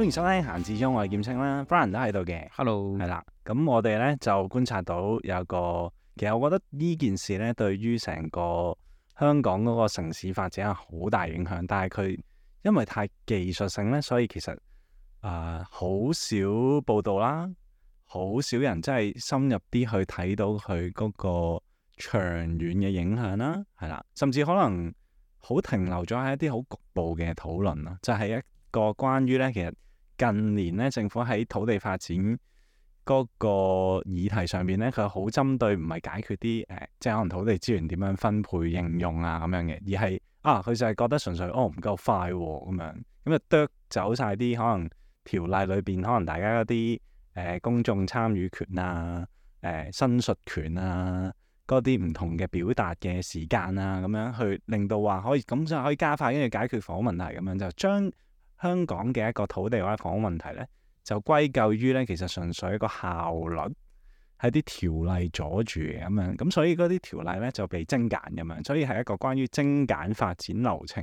歡迎收聽《閒置中》，我劍，Brian, Hello. 我係劍青啦 Brian 都喺度嘅。Hello，係啦。咁我哋咧就觀察到有個，其實我覺得呢件事咧，對於成個香港嗰個城市發展係好大影響。但係佢因為太技術性咧，所以其實誒好、呃、少報道啦，好少人真係深入啲去睇到佢嗰個長遠嘅影響啦。係啦，甚至可能好停留咗喺一啲好局部嘅討論啦。就係、是、一個關於咧，其實。近年咧，政府喺土地發展嗰個議題上面呢，咧，佢好針對唔係解決啲誒、呃，即係可能土地資源點樣分配應用啊咁樣嘅，而係啊，佢就係覺得純粹哦唔夠快喎、啊、咁樣，咁就剁走晒啲可能條例裏邊可能大家嗰啲誒公眾參與權啊、誒、呃、申述權啊嗰啲唔同嘅表達嘅時間啊咁樣去令到話可以咁就可以加快跟住解決房屋問題咁樣就將。香港嘅一個土地或者房屋問題呢，就歸咎於呢其實純粹一個效率喺啲條例阻住嘅咁樣，咁所以嗰啲條例呢就被精簡咁樣，所以係一個關於精簡發展流程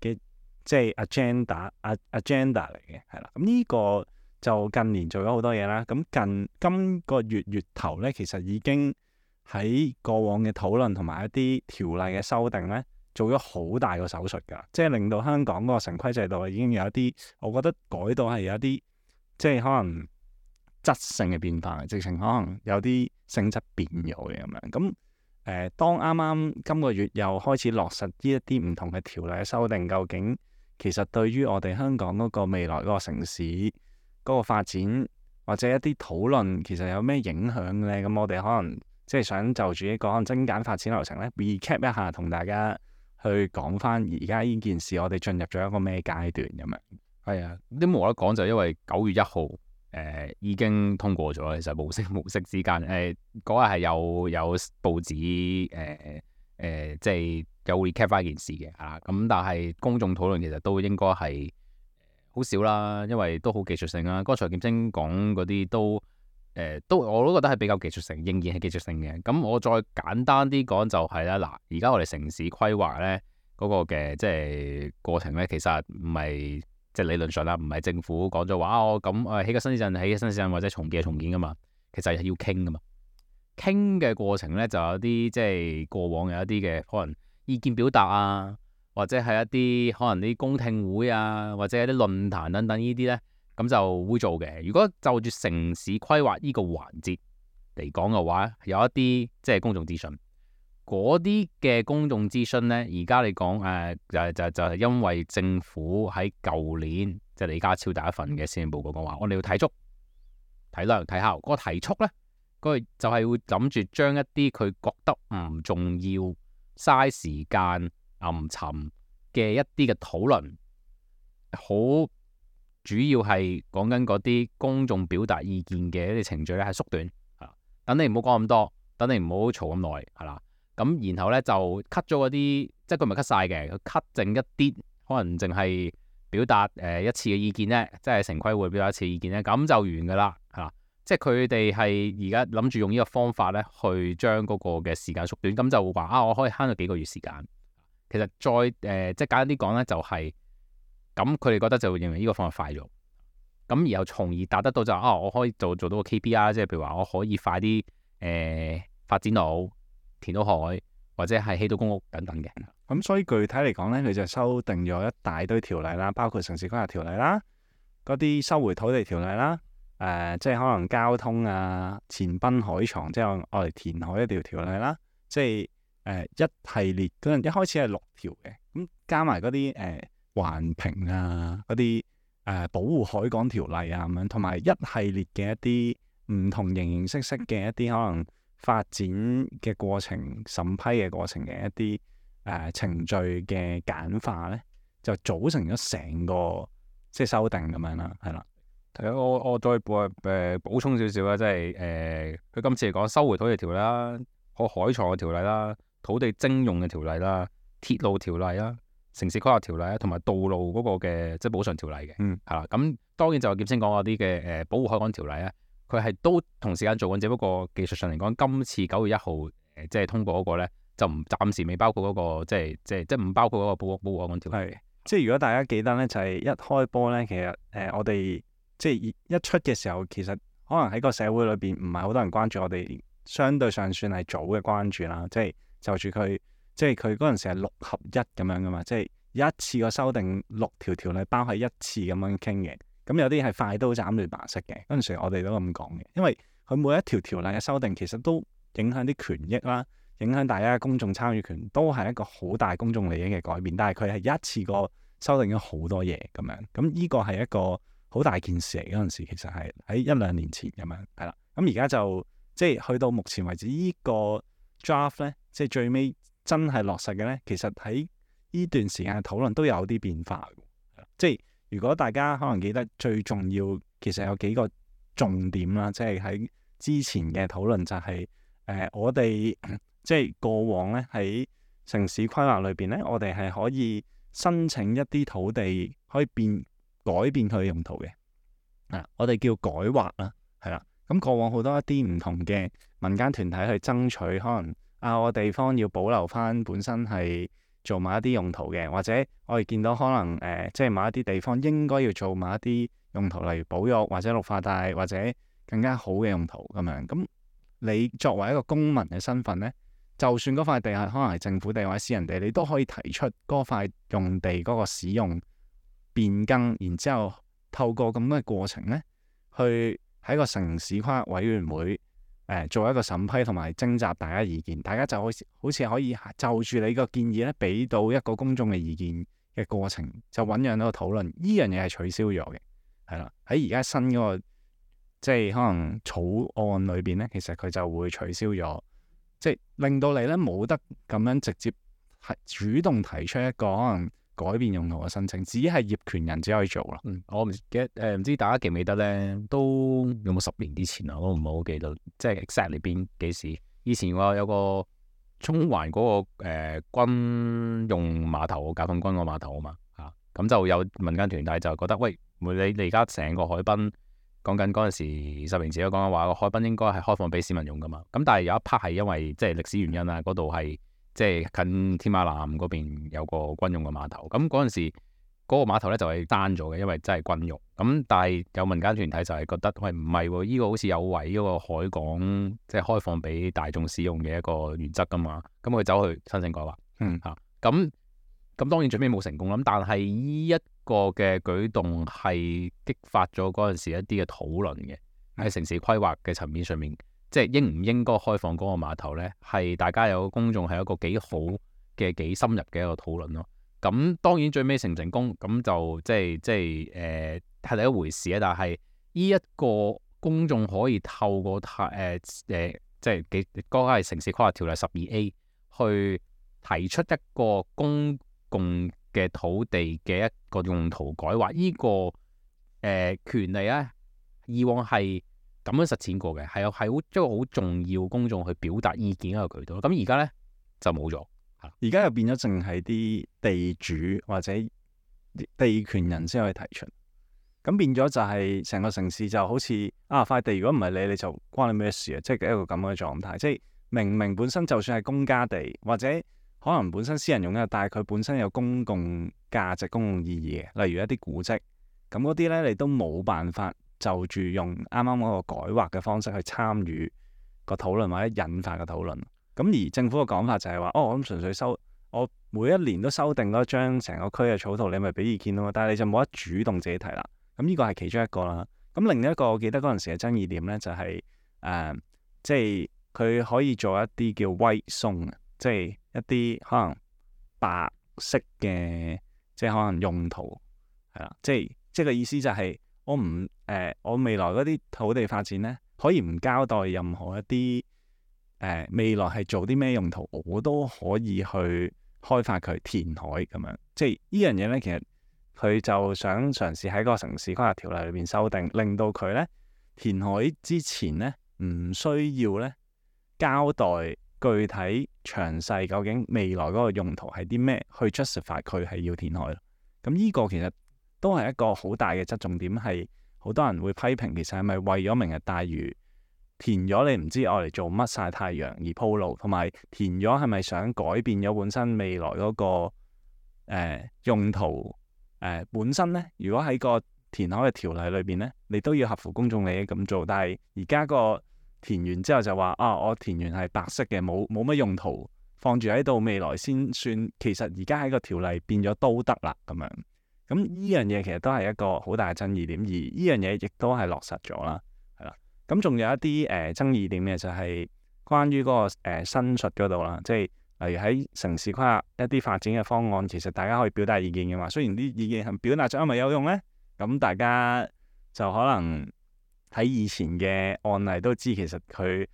嘅即係 agenda agenda 嚟嘅，係啦。咁呢個就近年做咗好多嘢啦。咁近今個月月頭呢，其實已經喺過往嘅討論同埋一啲條例嘅修訂呢。做咗好大個手術㗎，即係令到香港嗰個城規制度已經有一啲，我覺得改到係有一啲，即係可能質性嘅變化，直情可能有啲性質變咗嘅咁樣。咁誒、呃，當啱啱今個月又開始落實呢一啲唔同嘅條例修訂，究竟其實對於我哋香港嗰個未來嗰個城市嗰個發展或者一啲討論，其實有咩影響呢？咁我哋可能即係想就住呢個可能精簡發展流程呢，recap 一下同大家。去講翻而家呢件事，我哋進入咗一個咩階段咁樣？係啊，都冇得講，就因為九月一號，誒、呃、已經通過咗，其實無聲無息之間，誒嗰日係有有報紙，誒、呃、誒、呃，即係有 recall 翻一件事嘅，啊，咁但係公眾討論其實都應該係好少啦，因為都好技術性啦。剛才劍青講嗰啲都。誒都我都覺得係比較技術性，仍然係技術性嘅。咁我再簡單啲講就係啦，嗱，而家我哋城市規劃咧嗰個嘅即係過程咧，其實唔係即係理論上啦，唔係政府講咗話啊，我咁誒起個新市鎮，起個新市鎮或者重建重建噶嘛，其實係要傾噶嘛。傾嘅過程咧，就有啲即係過往有一啲嘅可能意見表達啊，或者係一啲可能啲公聽會啊，或者係啲論壇等等呢啲咧。咁就會做嘅。如果就住城市規劃呢個環節嚟講嘅話，有一啲即係公眾諮詢，嗰啲嘅公眾諮詢呢。而家你講誒、呃、就係、是、就是、就係、是、因為政府喺舊年即係、就是、李家超第一份嘅施政報告講話，我哋要提速、提量、提效。嗰、那個提速呢，嗰個就係會諗住將一啲佢覺得唔重要、嘥時間、暗沉嘅一啲嘅討論，好。主要係講緊嗰啲公眾表達意見嘅一啲程序咧，係縮短嚇。等你唔好講咁多，等你唔好嘈咁耐，係啦。咁然後咧就 cut 咗嗰啲，即係佢咪 cut 晒嘅，佢 cut 剩一啲，可能淨係表達誒、呃、一次嘅意見啫，即係城規會表達一次意見咧，咁就完㗎啦，係啦。即係佢哋係而家諗住用呢個方法咧，去將嗰個嘅時間縮短，咁就會話啊，我可以慳到幾個月時間。其實再誒、呃，即係簡單啲講咧，就係。咁佢哋覺得就會認為呢個方法快咗，咁然後從而達得到就啊，我可以做做到個 KPI 啦，即係譬如話我可以快啲誒、呃、發展到填到海或者係起到公屋等等嘅。咁所以具體嚟講呢，佢就修訂咗一大堆條例啦，包括城市規劃條例啦、嗰啲收回土地條例啦、誒、呃、即係可能交通啊、前濱海床即係我哋填海一條條例啦，即係、呃、一系列。可能一開始係六條嘅，咁加埋嗰啲誒、呃環評啊，嗰啲誒保護海港條例啊，咁樣同埋一系列嘅一啲唔同形形色色嘅一啲可能發展嘅過程審批嘅過程嘅一啲誒、呃、程序嘅簡化咧，就組成咗成個即係修訂咁樣啦，係啦。我我再誒、呃、補充少少啦，即係誒佢今次嚟講收回土地條例啦，個海牀嘅條例啦，土地徵用嘅條例啦，鐵路條例啦。城市規劃條例啊，同埋道路嗰個嘅即係補償條例嘅，嗯，係啦。咁當然就係點先講嗰啲嘅誒保護海港條例咧，佢係都同時間做緊，只不過技術上嚟講，今次九月一號誒即係通過嗰個咧，就唔暫時未包括嗰、那個，即係即係即係唔包括嗰個保保護海港條例。係，即係如果大家記得咧，就係、是、一開波咧，其實誒、呃、我哋即係一出嘅時候，其實可能喺個社會裏邊唔係好多人關注我，我哋相對上算係早嘅關注啦。即係就住佢。即係佢嗰陣時係六合一咁樣噶嘛，即係一次過修訂六條條例包喺一次咁樣傾嘅。咁有啲係快刀斬亂麻式嘅，嗰陣時我哋都咁講嘅，因為佢每一條條例嘅修訂其實都影響啲權益啦，影響大家嘅公眾參與權都係一個好大公眾利益嘅改變。但係佢係一次過修訂咗好多嘢咁樣，咁呢個係一個好大件事嚟。嗰陣時其實係喺一兩年前咁樣，係啦。咁而家就即係去到目前為止、這個、呢個 draft 咧，即係最尾，真係落實嘅呢，其實喺呢段時間嘅討論都有啲變化。即係如果大家可能記得最重要，其實有幾個重點啦，即係喺之前嘅討論就係、是、誒、呃，我哋即係過往呢喺城市規劃裏邊呢，我哋係可以申請一啲土地可以變改變佢用途嘅。啊，我哋叫改劃啦，係啦。咁過往好多一啲唔同嘅民間團體去爭取，可能。啊！我地方要保留翻本身係做某一啲用途嘅，或者我哋見到可能誒、呃，即係某一啲地方應該要做某一啲用途，例如保育或者綠化帶或者更加好嘅用途咁樣。咁你作為一個公民嘅身份呢，就算嗰塊地係可能係政府地或者私人地，你都可以提出嗰塊用地嗰個使用變更，然之後透過咁多嘅過程呢，去喺個城市規劃委員會。誒做一個審批同埋徵集大家意見，大家就好似好似可以就住你個建議咧，俾到一個公眾嘅意見嘅過程，就醞釀一個討論，呢樣嘢係取消咗嘅。係啦，喺而家新嗰個即係可能草案裏邊咧，其實佢就會取消咗，即係令到你咧冇得咁樣直接係主動提出一個可能。改變用途嘅申請，只係業權人只可以做啦、嗯。我唔記得，唔、呃、知大家記唔記得咧？都有冇十年之前啊？我唔係好記得，即係 exactly 邊幾時。以前嘅話有個中環嗰、那個誒、呃、軍用碼頭，解放軍嘅碼頭啊嘛。嚇、啊，咁、嗯嗯嗯、就有民間團體就覺得，喂，你你而家成個海濱，講緊嗰陣時十年前都講緊話，個海濱應該係開放俾市民用㗎嘛。咁但係有一 part 係因為即係歷史原因啊，嗰度係。即係近天馬南嗰邊有個軍用嘅碼頭，咁嗰陣時嗰個碼頭呢就係閂咗嘅，因為真係軍用。咁但係有民間團體就係覺得喂，唔係，依、這個好似有違依個海港即係、就是、開放俾大眾使用嘅一個原則噶嘛。咁佢走去申請改劃嚇，咁咁、嗯、當然最尾冇成功啦。咁但係依一個嘅舉動係激發咗嗰陣時一啲嘅討論嘅喺城市規劃嘅層面上面。即係應唔應該開放嗰個碼頭咧，係大家有個公眾係一個幾好嘅幾深入嘅一個討論咯。咁當然最尾成唔成功咁就即係即係誒係另一回事啊。但係呢一個公眾可以透過提誒誒即係幾嗰個係城市規劃條例十二 A 去提出一個公共嘅土地嘅一個用途改劃呢、呢個誒、呃、權利啊，以往係。咁樣實踐過嘅，係有係好一個好重要公眾去表達意見一個渠道。咁而家呢就冇咗，而家又變咗，淨係啲地主或者地權人先可以提出。咁變咗就係成個城市就好似啊，塊地，如果唔係你，你就關你咩事啊？即係一個咁樣嘅狀態。即係明明本身就算係公家地，或者可能本身私人用嘅，但係佢本身有公共價值、公共意義嘅，例如一啲古蹟。咁嗰啲呢，你都冇辦法。就住用啱啱嗰個改劃嘅方式去參與個討論或者引發個討論，咁而政府嘅講法就係話，哦，我咁純粹收，我每一年都修訂多張成個區嘅草圖，你咪俾意見咯，但係你就冇得主動自己提啦。咁呢個係其中一個啦。咁另一個我記得嗰陣時嘅爭議點咧、就是，就係誒，即係佢可以做一啲叫 white zone，即係一啲可能白色嘅，即係可能用途係啦，即係即係個意思就係、是。我唔誒、呃，我未來嗰啲土地發展呢，可以唔交代任何一啲誒、呃、未來係做啲咩用途，我都可以去開發佢填海咁樣。即係呢樣嘢呢，其實佢就想嘗試喺個城市規劃條例裏面修訂，令到佢呢填海之前呢，唔需要呢交代具體詳細究竟未來嗰個用途係啲咩，去 justify 佢係要填海咯。咁、嗯、依、呢個其實，都係一個好大嘅側重點，係好多人會批評，其實係咪為咗明日大嶼填咗你唔知我嚟做乜晒太陽而鋪路，同埋填咗係咪想改變咗本身未來嗰、嗰個、呃、用途誒、呃、本身呢，如果喺個填海嘅條例裏邊呢，你都要合乎公眾利益咁做，但係而家個填完之後就話啊，我填完係白色嘅，冇冇乜用途放住喺度，未來先算。其實而家喺個條例變咗都得啦咁樣。咁依樣嘢其實都係一個好大嘅爭議點，而依樣嘢亦都係落實咗啦，係啦。咁仲有一啲誒、呃、爭議點嘅就係關於嗰、那個誒、呃、申述嗰度啦，即係例如喺城市規劃一啲發展嘅方案，其實大家可以表達意見嘅嘛。雖然啲意見係表達咗，係咪有用呢？咁大家就可能喺以前嘅案例都知，其實佢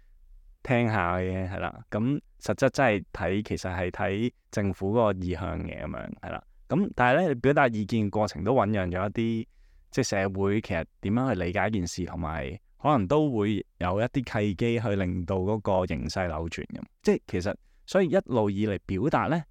聽下嘅係啦。咁實質真係睇，其實係睇政府嗰個意向嘅咁樣，係啦。咁，但係咧，你表達意見嘅過程都醞釀咗一啲，即係社會其實點樣去理解一件事，同埋可能都會有一啲契機去令到嗰個形勢扭轉咁。即係其實，所以一路以嚟表達呢，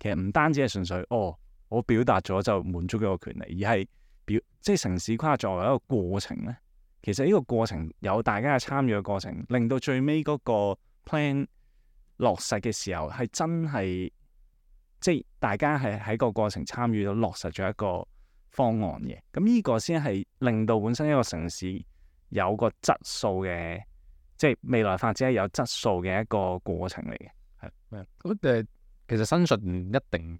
其實唔單止係純粹哦，我表達咗就滿足咗個權利，而係表即係城市規劃作為一個過程呢。其實呢個過程有大家嘅參與嘅過程，令到最尾嗰個 plan 落實嘅時候係真係即係。大家係喺個過程參與到，落實咗一個方案嘅，咁呢個先係令到本身一個城市有個質素嘅，即係未來發展係有質素嘅一個過程嚟嘅。係咩？誒，其實新信唔一定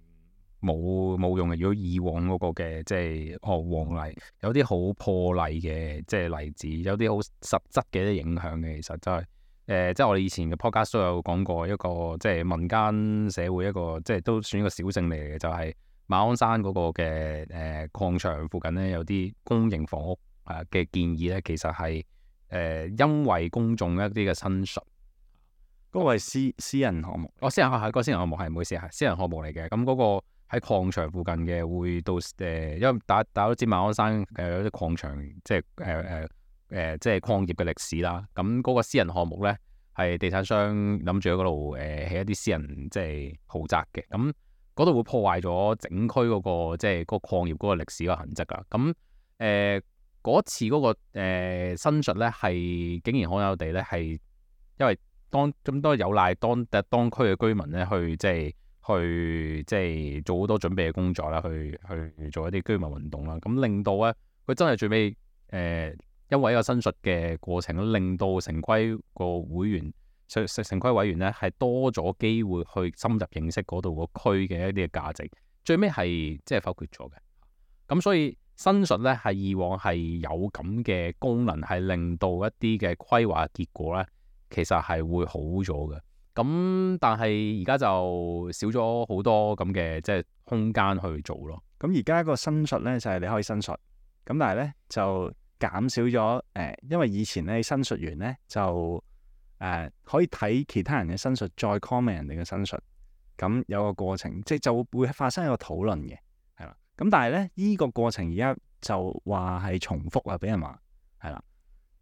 冇冇用嘅。如果以往嗰個嘅，即係學往例，有啲好破例嘅，即係例子，有啲好實質嘅啲影響嘅，其實就係、是。誒、呃，即係我哋以前嘅 Podcast 都有講過一個，即係民間社會一個，即係都算一個小勝利嘅，就係、是、馬鞍山嗰個嘅誒、呃、礦場附近咧，有啲公營房屋嘅、啊、建議咧，其實係誒、呃、因為公眾一啲嘅申述，嗰、那個係私私人項目，我私人係個私人項目係唔好意思，係私人項目嚟嘅。咁、那、嗰個喺礦場附近嘅會到誒、呃，因為大大家都知馬鞍山誒有啲礦場，即係誒誒。呃呃誒、呃，即係礦業嘅歷史啦。咁、嗯、嗰、那個私人項目呢，係地產商諗住喺嗰度誒起一啲私人即係豪宅嘅。咁嗰度會破壞咗整區嗰、那個即係嗰個礦業嗰個歷史嘅痕跡啦。咁、嗯、嗰、呃、次嗰、那個、呃、申述呢，咧，係竟然罕有地呢係因為當咁多有賴當當區嘅居民呢，去即係去即係做好多準備嘅工作啦，去去做一啲居民運動啦。咁、嗯、令到呢，佢真係最尾誒。呃呃因為一個申述嘅過程，令到城規個會員，城城規委員咧係多咗機會去深入認識嗰度個區嘅一啲嘅價值。最尾係即係否決咗嘅。咁所以申述咧係以往係有咁嘅功能，係令到一啲嘅規劃結果咧其實係會好咗嘅。咁但係而家就少咗好多咁嘅即係空間去做咯。咁而家個申述咧就係你可以申述，咁但係咧就。減少咗誒、呃，因為以前咧，申述完咧就誒、呃、可以睇其他人嘅申述，再 comment 人哋嘅申述，咁有個過程，即係就會發生一個討論嘅，係啦。咁但係咧，呢、這個過程而家就話係重複啊，俾人話係啦，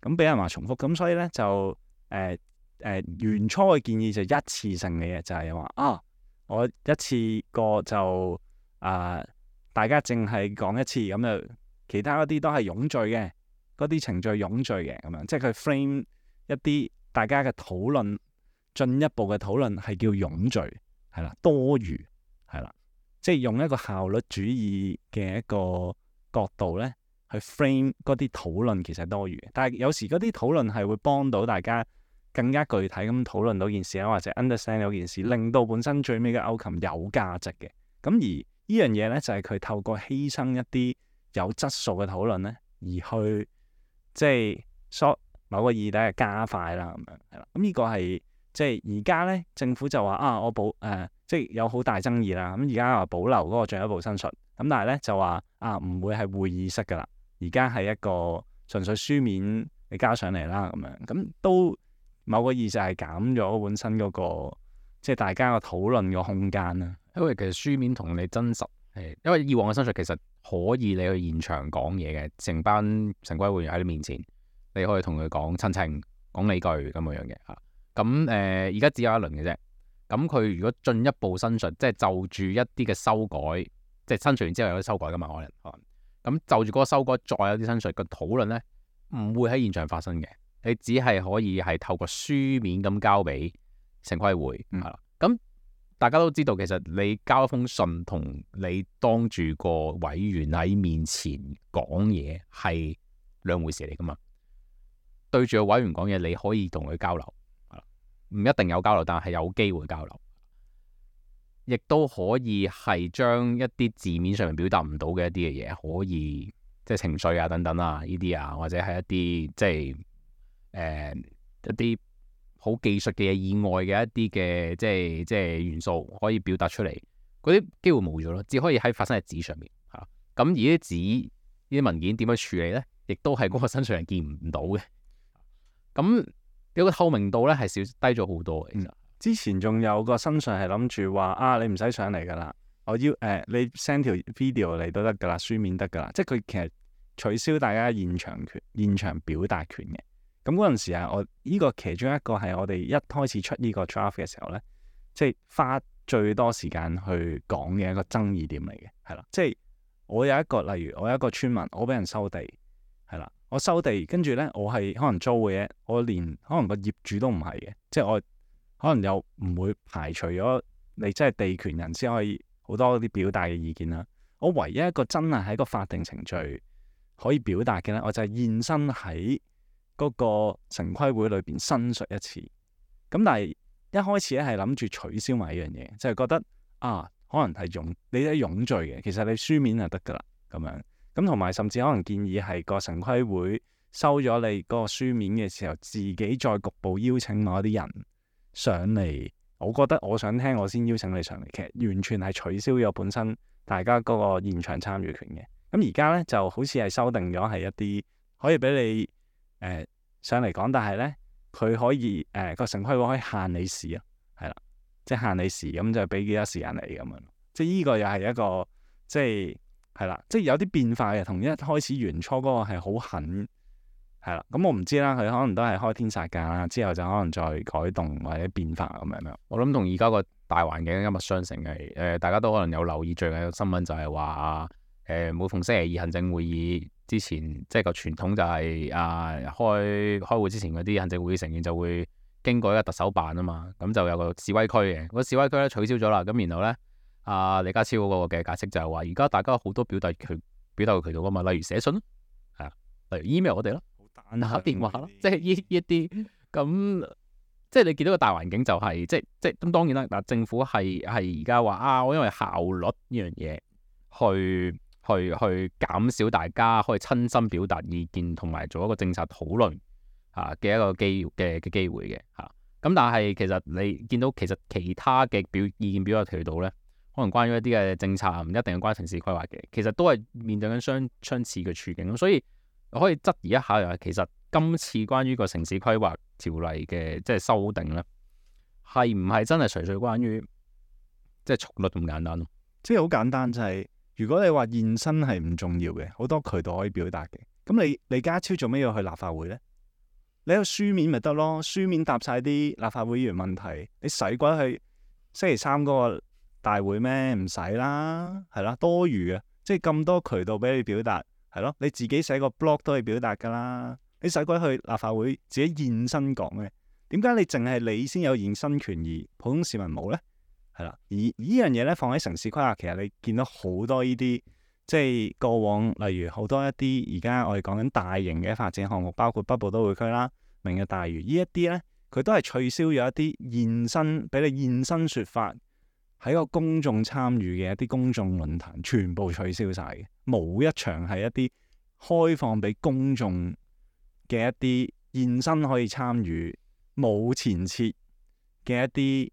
咁俾人話重複，咁所以咧就誒誒、呃呃、原初嘅建議就一次性嘅嘢，就係、是、話啊，我一次過就啊、呃，大家淨係講一次咁就，其他嗰啲都係冗贅嘅。嗰啲程序冗贅嘅咁樣，即係佢 frame 一啲大家嘅討論，進一步嘅討論係叫冗贅，係啦，多餘，係啦，即係用一個效率主義嘅一個角度咧，去 frame 嗰啲討論其實係多餘嘅。但係有時嗰啲討論係會幫到大家更加具體咁討論到件事啊，或者 understand 到件事，令到本身最尾嘅 outcome 有價值嘅。咁而呢樣嘢咧，就係，係，佢透過犧牲一啲有質素嘅討論咧，而去。即係所某個意義嘅加快啦，咁樣係啦。咁呢個係即係而家咧，政府就話啊，我保誒、呃，即係有好大爭議啦。咁而家話保留嗰個進一步申述，咁但係咧就話啊，唔會係會議式㗎啦。而家係一個純粹書面你加上嚟啦，咁樣咁都某個意義就係減咗本身嗰、那個即係大家個討論個空間啦。因為其實書面同你真實係，因為以往嘅申述其實。可以你去現場講嘢嘅，成班城規會員喺你面前，你可以同佢講親情，講理據咁樣樣嘅吓。咁誒，而、呃、家只有一輪嘅啫。咁佢如果進一步申述，即係就住一啲嘅修改，即係申述完之後有啲修改噶嘛，可能，啊。咁就住嗰個修改，再有啲申述嘅討論呢，唔會喺現場發生嘅。你只係可以係透過書面咁交俾城規會，係啦、嗯。咁。大家都知道，其實你交一封信同你當住個委員喺面前講嘢係兩回事嚟㗎嘛。對住個委員講嘢，你可以同佢交流，唔一定有交流，但係有機會交流。亦都可以係將一啲字面上面表達唔到嘅一啲嘅嘢，可以即係情緒啊、等等啊、呢啲啊，或者係一啲即係、呃、一啲好技術嘅嘢以外嘅一啲嘅即係即係元素可以表達出嚟，嗰啲機會冇咗咯，只可以喺發生喺紙上面吓。咁而啲紙、啲文件點樣處理咧，亦都係嗰個身上人見唔到嘅。咁有個透明度咧係少低咗好多嘅。其實、嗯、之前仲有個身上人係諗住話啊，你唔使上嚟㗎喇，我要誒、呃、你 send 條 video 嚟都得㗎喇，書面得㗎喇，即係佢其實取消大家現場權、現場表達權嘅。咁嗰陣時啊，我呢個其中一個係我哋一開始出呢個 draft 嘅時候呢，即係花最多時間去講嘅一個爭議點嚟嘅，係啦，即係我有一個例如我有一個村民，我俾人收地，係啦，我收地跟住呢，我係可能租嘅嘢，我連可能個業主都唔係嘅，即係我可能又唔會排除咗你即係地權人先可以好多啲表達嘅意見啦。我唯一一個真係喺個法定程序可以表達嘅呢，我就係現身喺，嗰個城規會裏邊申述一次，咁但係一開始咧係諗住取消埋呢樣嘢，就係、是、覺得啊，可能係用你係用罪嘅，其實你書面就得㗎喇，咁樣咁同埋甚至可能建議係個城規會收咗你嗰個書面嘅時候，自己再局部邀請某一啲人上嚟，我覺得我想聽我先邀請你上嚟，其實完全係取消咗本身大家嗰個現場參與權嘅。咁而家呢，就好似係修訂咗係一啲可以俾你。誒、呃，上嚟講，但係呢，佢可以誒個城規會可以限你時啊，係啦，即係限你時，咁就俾幾多時間你咁樣。即係呢個又係一個，即係，係啦，即係有啲變化嘅，同一開始原初嗰個係好狠，係、嗯、啦。咁我唔知啦，佢可能都係開天殺價啦，之後就可能再改動或者變化咁樣樣。我諗同而家個大環境一脈相承嘅。誒、呃，大家都可能有留意最近嘅新聞就，就係話誒每逢星期二行政會議。之前即係個傳統就係、是、啊開開會之前嗰啲行政會議成員就會經過一個特首辦啊嘛，咁就有個示威區嘅。個示威區咧取消咗啦，咁然後咧啊李家超嗰個嘅解釋就係話，而家大家好多表達渠表達渠道啊嘛，例如寫信啊，例如 email 我哋咯，打電話咯，即係呢依啲咁，即係你見到個大環境就係、是、即即咁當然啦，嗱政府係係而家話啊，我因為效率呢樣嘢去。去去減少大家可以親身表達意見同埋做一個政策討論吓嘅一個機嘅嘅機會嘅吓，咁、啊、但係其實你見到其實其他嘅表意見表達渠道咧，可能關於一啲嘅政策唔一定係關城市規劃嘅，其實都係面對緊相相似嘅處境，所以可以質疑一下，其實今次關於個城市規劃條例嘅即係修訂咧，係唔係真係純粹關於即係速率咁簡單咯？即係好簡單，簡單就係、係。如果你話現身係唔重要嘅，好多渠道可以表達嘅，咁你李家超做咩要去立法會呢？你喺書面咪得咯，書面答晒啲立法會議員問題，你使鬼去星期三嗰個大會咩？唔使啦，係啦，多餘嘅，即係咁多渠道俾你表達，係咯，你自己寫個 blog 都可以表達噶啦，你使鬼去立法會自己現身講咩？點解你淨係你先有現身權益，普通市民冇呢？係啦，而呢樣嘢呢，放喺城市規劃，其實你見到好多呢啲，即係過往，例如好多一啲而家我哋講緊大型嘅發展項目，包括北部都會區啦、明日大嶼呢一啲呢，佢都係取消咗一啲現身，俾你現身說法喺個公眾參與嘅一啲公眾論壇，全部取消晒嘅，冇一場係一啲開放俾公眾嘅一啲現身可以參與，冇前設嘅一啲。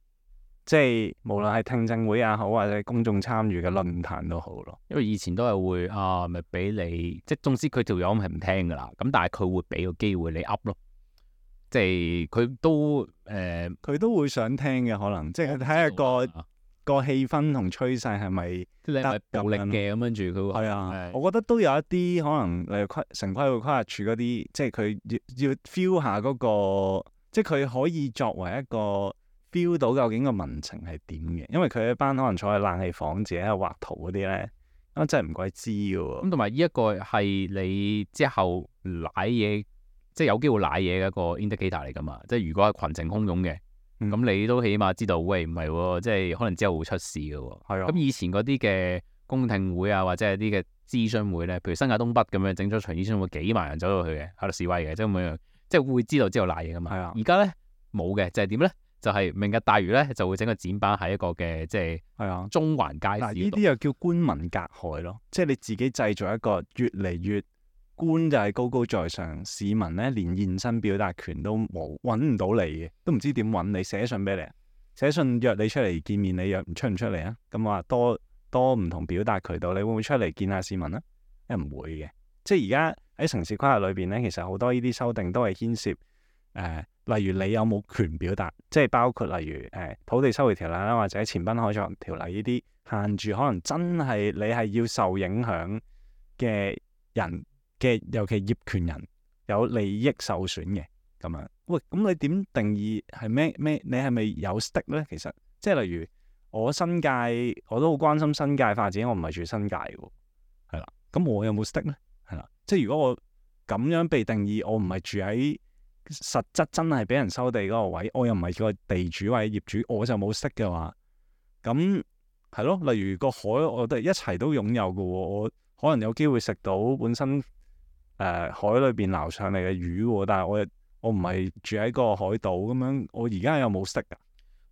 即係無論係聽證會也好，或者公眾參與嘅論壇都好咯。因為以前都係會啊，咪俾你，即係總之佢條友係唔聽噶啦。咁但係佢會俾個機會你 up 咯。即係佢都誒，佢、欸、都會想聽嘅，可能即係睇下個個氣氛同趨勢係咪有力嘅，咁跟住佢會。係樣樣啊，的我覺得都有一啲可能誒規城規會規劃處嗰啲，即係佢要要 feel 下嗰、那個，即係佢可以作為一個。feel 到究竟個民情係點嘅，因為佢一班可能坐喺冷氣房自己喺度畫圖嗰啲咧，咁真係唔鬼知嘅喎。咁同埋呢一個係你之後舐嘢，即係有機會舐嘢嘅一個 indicator 嚟嘅嘛。即係如果係群情洶湧嘅，咁你都起碼知道喂唔係，即係可能之後會出事嘅喎。係啊。咁以前嗰啲嘅公聽會啊，或者係啲嘅諮詢會咧，譬如新界東北咁樣整咗場諮詢會，幾萬人走到去嘅喺度示威嘅，即係咁樣，即係會知道之後賴嘢嘅嘛。係啊。而家咧冇嘅就係點咧？就係明日大嶼呢，就會整個展板喺一個嘅，即係係啊中環街市。呢啲又叫官民隔海咯，即係你自己製造一個越嚟越官就係高高在上，市民呢連現身表達權都冇，揾唔到你嘅，都唔知點揾你。寫信俾你，寫信約你出嚟見面，你約唔出唔出嚟啊？咁我話多多唔同表達渠道，你會唔會出嚟見下市民呢？一唔會嘅，即係而家喺城市規劃裏邊呢，其實好多呢啲修訂都係牽涉。誒、呃，例如你有冇權表達？即係包括例如誒、呃、土地收回條例啦，或者前濱海床條例呢啲限住，可能真係你係要受影響嘅人嘅，尤其業權人有利益受損嘅咁樣。喂，咁你點定義係咩咩？你係咪有 stick 咧？其實即係例如我新界，我都好關心新界發展，我唔係住新界嘅，係啦。咁我有冇 stick 咧？係啦，即係如果我咁樣被定義，我唔係住喺。實質真係俾人收地嗰個位，我又唔係個地主或者業主，我就冇 say 嘅話，咁係咯。例如個海，我都一齊都擁有嘅，我可能有機會食到本身誒、呃、海裏邊撈上嚟嘅魚，但係我我唔係住喺個海島咁樣，我而家有冇 say 噶？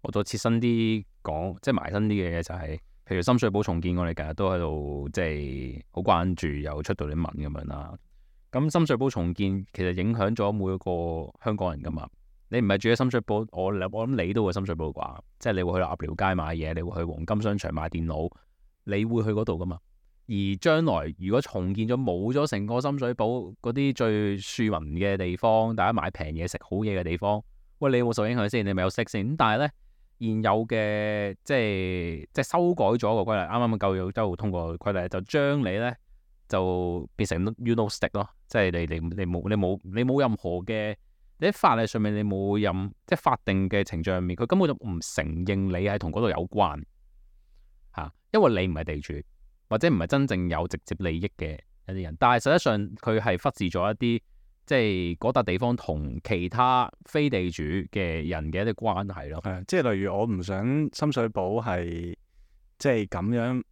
我再切身啲講，即係埋身啲嘅嘢就係、是，譬如深水埗重建，我哋近日都喺度即係好關注，有出到啲文咁樣啦。咁深水埗重建，其實影響咗每一個香港人噶嘛。你唔係住喺深水埗，我我諗你都會深水埗啩，即係你會去鴨寮街買嘢，你會去黃金商場買電腦，你會去嗰度噶嘛。而將來如果重建咗冇咗成個深水埗嗰啲最庶民嘅地方，大家買平嘢食好嘢嘅地方，喂，你有冇受影響先？你咪有識先。咁、嗯、但係呢，現有嘅即係即係修改咗個規例，啱啱九月通過規例，就將你呢。就變成 u n a s t i c 咯，即係你你你冇你冇你冇任何嘅，你喺法例上面你冇任即係法定嘅程序上面，佢根本就唔承認你係同嗰度有關，吓、啊，因為你唔係地主或者唔係真正有直接利益嘅一啲人，但係實質上佢係忽視咗一啲即係嗰笪地方同其他非地主嘅人嘅一啲關係咯。即係例如我唔想深水埗係即係咁樣。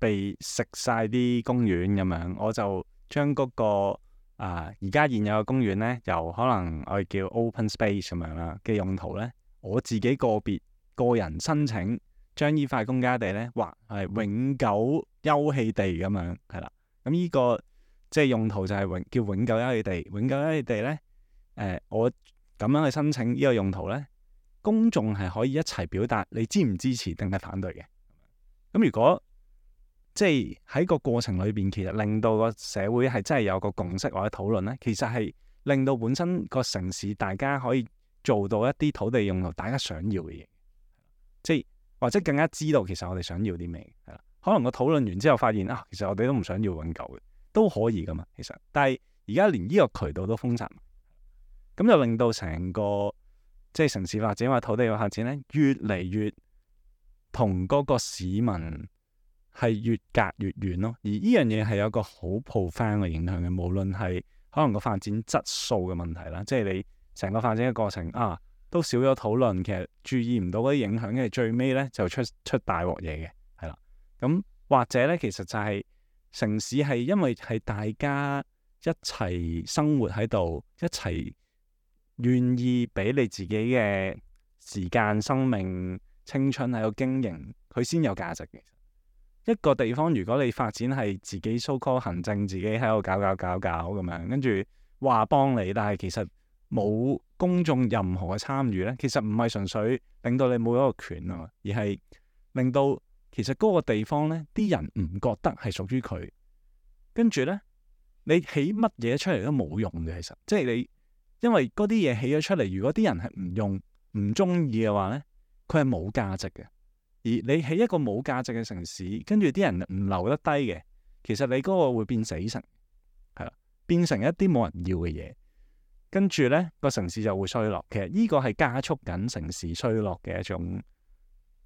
被食晒啲公園咁樣，我就將嗰、那個啊而家現有嘅公園呢，由可能我哋叫 open space 咁樣啦嘅用途呢，我自己個別個人申請將呢塊公家地呢，話係永久休憩地咁樣，係啦，咁、嗯、呢、這個即係、這個、用途就係永叫永久休憩地，永久休憩地呢，誒、呃，我咁樣去申請呢個用途呢，公眾係可以一齊表達你支唔支持定係反對嘅，咁、嗯、如果。即係喺個過程裏邊，其實令到個社會係真係有個共識或者討論呢，其實係令到本身個城市大家可以做到一啲土地用途，大家想要嘅嘢，即係或者更加知道其實我哋想要啲咩，係啦。可能個討論完之後發現啊，其實我哋都唔想要永久嘅，都可以噶嘛。其實，但係而家連呢個渠道都封閘，咁就令到成個即係城市發展或土地嘅發展呢，越嚟越同嗰個市民。係越隔越遠咯，而呢樣嘢係有一個好 profound 嘅影響嘅。無論係可能個發展質素嘅問題啦，即係你成個發展嘅過程啊，都少咗討論，其實注意唔到嗰啲影響，跟住最尾呢就出出大鑊嘢嘅係啦。咁、嗯、或者呢，其實就係城市係因為係大家一齊生活喺度，一齊願意俾你自己嘅時間、生命、青春喺度經營，佢先有價值嘅。一個地方如果，你發展係自己 so call 行政，自己喺度搞搞搞搞咁樣，跟住話幫你，但係其實冇公眾任何嘅參與咧，其實唔係純粹令到你冇一個權啊嘛，而係令到其實嗰個地方咧啲人唔覺得係屬於佢，跟住咧你起乜嘢出嚟都冇用嘅，其實即係你因為嗰啲嘢起咗出嚟，如果啲人係唔用唔中意嘅話咧，佢係冇價值嘅。而你喺一個冇價值嘅城市，跟住啲人唔留得低嘅，其實你嗰個會變死城，係啦，變成一啲冇人要嘅嘢，跟住呢個城市就會衰落。其實呢個係加速緊城市衰落嘅一種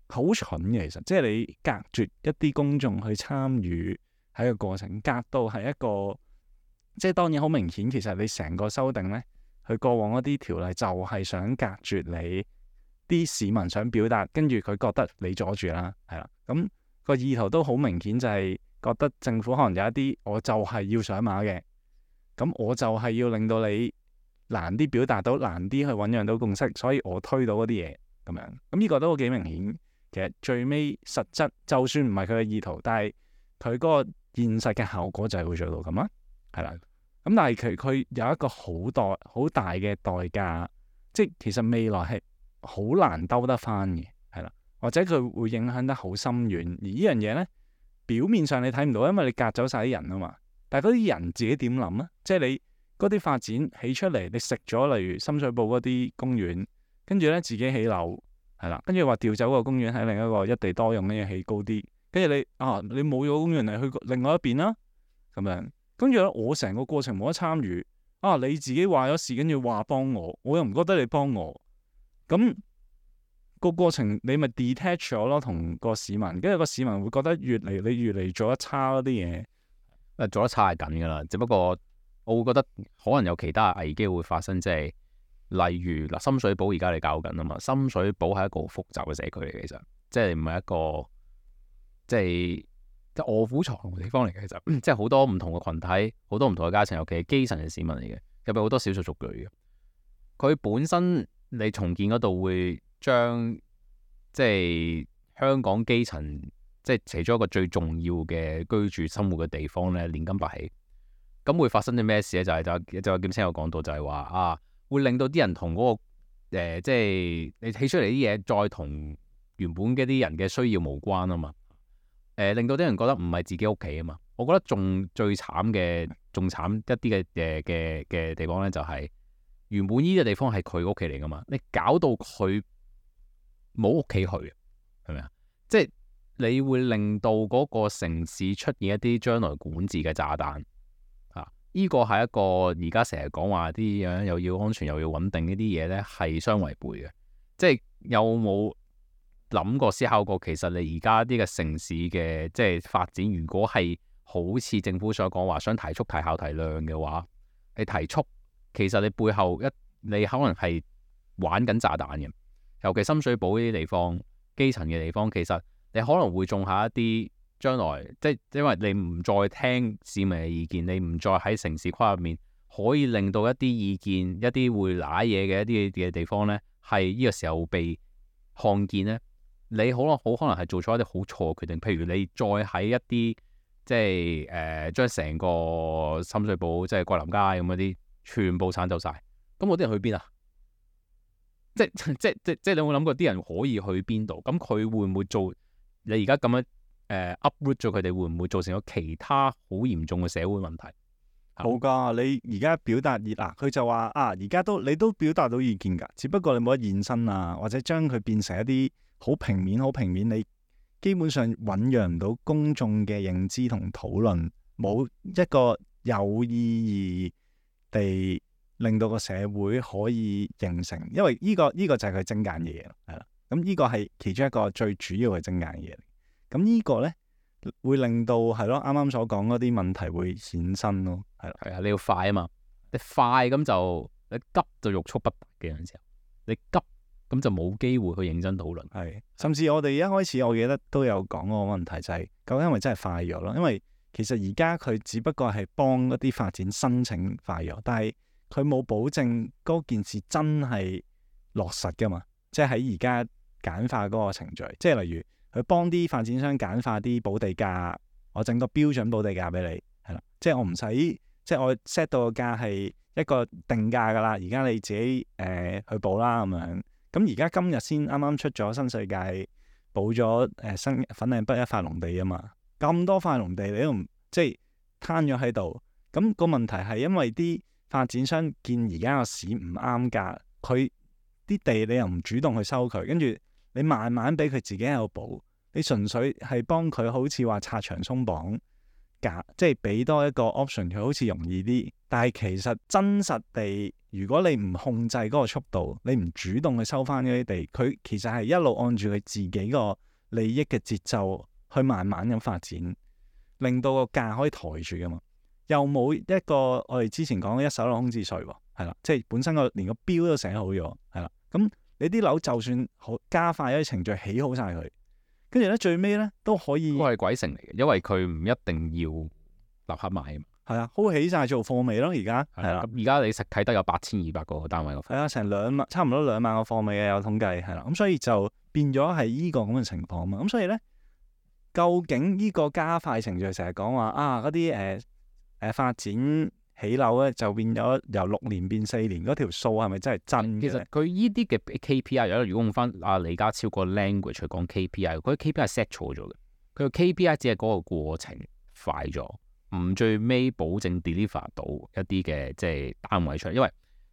好蠢嘅，其實即係你隔絕一啲公眾去參與喺個過程，隔到係一個即係、就是、當然好明顯，其實你成個修訂呢，佢過往一啲條例就係想隔絕你。啲市民想表達，跟住佢覺得你阻住啦，係啦，咁、嗯個意圖都好明顯，就係覺得政府可能有一啲、嗯，我就係要上馬嘅，咁我就係要令到你難啲表達到，難啲去醞釀到共識，所以我推到嗰啲嘢咁樣。咁、嗯、呢、個都幾明顯。其實最尾實質就算唔係佢嘅意圖，但係佢嗰個現實嘅效果就係會做到咁啊，係啦。咁、嗯、但係佢佢有一個好代好大嘅代價，即其實未來係。好難兜得翻嘅，係啦，或者佢會影響得好深遠。而呢樣嘢呢，表面上你睇唔到，因為你隔走晒啲人啊嘛。但係嗰啲人自己點諗啊？即係你嗰啲發展起出嚟，你食咗例如深水埗嗰啲公園，跟住呢自己起樓，係啦，跟住話調走個公園喺另一個一地多用，呢起高啲，跟住你啊，你冇咗公園你去另外一邊啦、啊，咁樣。跟住咧，我成個過程冇得參與。啊，你自己話咗事，跟住話幫我，我又唔覺得你幫我。咁個過程你咪 detach 咗咯，同個市民，跟住個市民會覺得越嚟你越嚟做得差啲嘢，誒做得差係緊㗎喇。只不過我會覺得可能有其他危機會發生，即係例如嗱深水埗而家你搞緊啊嘛，深水埗係一個複雜嘅社區嚟，其實即係唔係一個即係即臥虎藏龍嘅地方嚟嘅，其實即係好多唔同嘅群體，好多唔同嘅家庭，尤其係基層嘅市民嚟嘅，入邊好多少數族裔嘅，佢本身。你重建嗰度，會將即係香港基層，即係其中一個最重要嘅居住生活嘅地方咧，連根拔起。咁會發生啲咩事咧？就係就就劍啱先有講到，就係話啊，會令到啲人同嗰、嗰個誒、呃，即係你起出嚟啲嘢，再同原本嗰啲人嘅需要無關啊嘛。誒、呃，令到啲人覺得唔係自己屋企啊嘛。我覺得仲最慘嘅，仲慘一啲嘅嘅嘅嘅地方咧，就係、是。原本呢個地方係佢屋企嚟噶嘛，你搞到佢冇屋企去，係咪啊？即係你會令到嗰個城市出現一啲將來管治嘅炸彈啊。呢個係一個而家成日講話啲樣又要安全又要穩定呢啲嘢呢，係相違背嘅。即係有冇諗過思考過？其實你而家呢個城市嘅即係發展，如果係好似政府所講話想提速、提效、提量嘅話，你提速，其實你背後一你可能係玩緊炸彈嘅，尤其深水埗呢啲地方、基層嘅地方，其實你可能會種下一啲將來即係因為你唔再聽市民嘅意見，你唔再喺城規入面可以令到一啲意見、一啲會揦嘢嘅一啲嘅地方呢，係呢個時候被看見呢。你可能好可能係做錯一啲好錯嘅決定。譬如你再喺一啲即係誒將成個深水埗即係桂林街咁嗰啲。全部鏟走晒，咁我啲人去邊啊？即係即係即係，即你有冇諗過啲人可以去邊度？咁佢會唔會做？你而家咁樣誒，uproot 咗佢哋會唔會造成咗其他好嚴重嘅社會問題？冇噶，你而家表達熱啊？佢就話啊，而家都你都表達到意見噶，只不過你冇得現身啊，或者將佢變成一啲好平面、好平面，你基本上醞釀唔到公眾嘅認知同討論，冇一個有意義。地令到個社會可以形成，因為呢、這個依、這個就係佢精簡嘢，係啦。咁、這、呢個係其中一個最主要嘅精簡嘢。咁、這、呢個呢，會令到係咯，啱啱所講嗰啲問題會衍生咯，係啦。係啊，你要快啊嘛，你快咁就你急就欲速不達嘅時候，你急咁就冇機會去認真討論。係，甚至我哋一開始我記得都有講個問題就係、是，究竟係咪真係快咗咯？因為其實而家佢只不過係幫一啲發展申請快咗，但係佢冇保證嗰件事真係落實㗎嘛。即係喺而家簡化嗰個程序，即係例如佢幫啲發展商簡化啲補地價，我整個標準補地價俾你，係啦，即係我唔使，即係我 set 到個價係一個定價㗎啦。而家你自己誒、呃、去補啦咁樣。咁而家今日先啱啱出咗新世界補咗誒新粉嶺北一塊農地啊嘛。咁多塊農地你都唔即係攤咗喺度，咁個問題係因為啲發展商見而家個市唔啱價，佢啲地你又唔主動去收佢，跟住你慢慢俾佢自己喺度補，你純粹係幫佢好似話拆牆鬆綁㗎，即係俾多一個 option 佢好似容易啲，但係其實真實地如果你唔控制嗰個速度，你唔主動去收翻嗰啲地，佢其實係一路按住佢自己個利益嘅節奏。去慢慢咁發展，令到個價可以抬住噶嘛，又冇一個我哋之前講嘅一手樓空置稅喎，啊，係啦，即係本身個連個標都寫好咗，係啦，咁你啲樓就算好加快一啲程序起好晒佢，跟住咧最尾咧都可以，係鬼城嚟嘅，因為佢唔一定要立刻買嘛。係啊，好起晒做貨尾咯，而家係啦，而家你實睇得有八千二百個單位咯。係啊，成兩萬，差唔多兩萬個貨尾嘅有統計，係啦，咁所以就變咗係依個咁嘅情況啊嘛，咁所以咧。究竟呢個加快程序成日講話啊，嗰啲誒誒發展起樓咧，就變咗由六年變四年，嗰條數係咪真係真嘅？其實佢呢啲嘅 KPI，如果用翻阿、啊、李家超個 language 去講 KPI，佢 KPI 係 set 錯咗嘅。佢 KPI 只係嗰個過程快咗，唔最尾保證 deliver 到一啲嘅即係單位出嚟。因為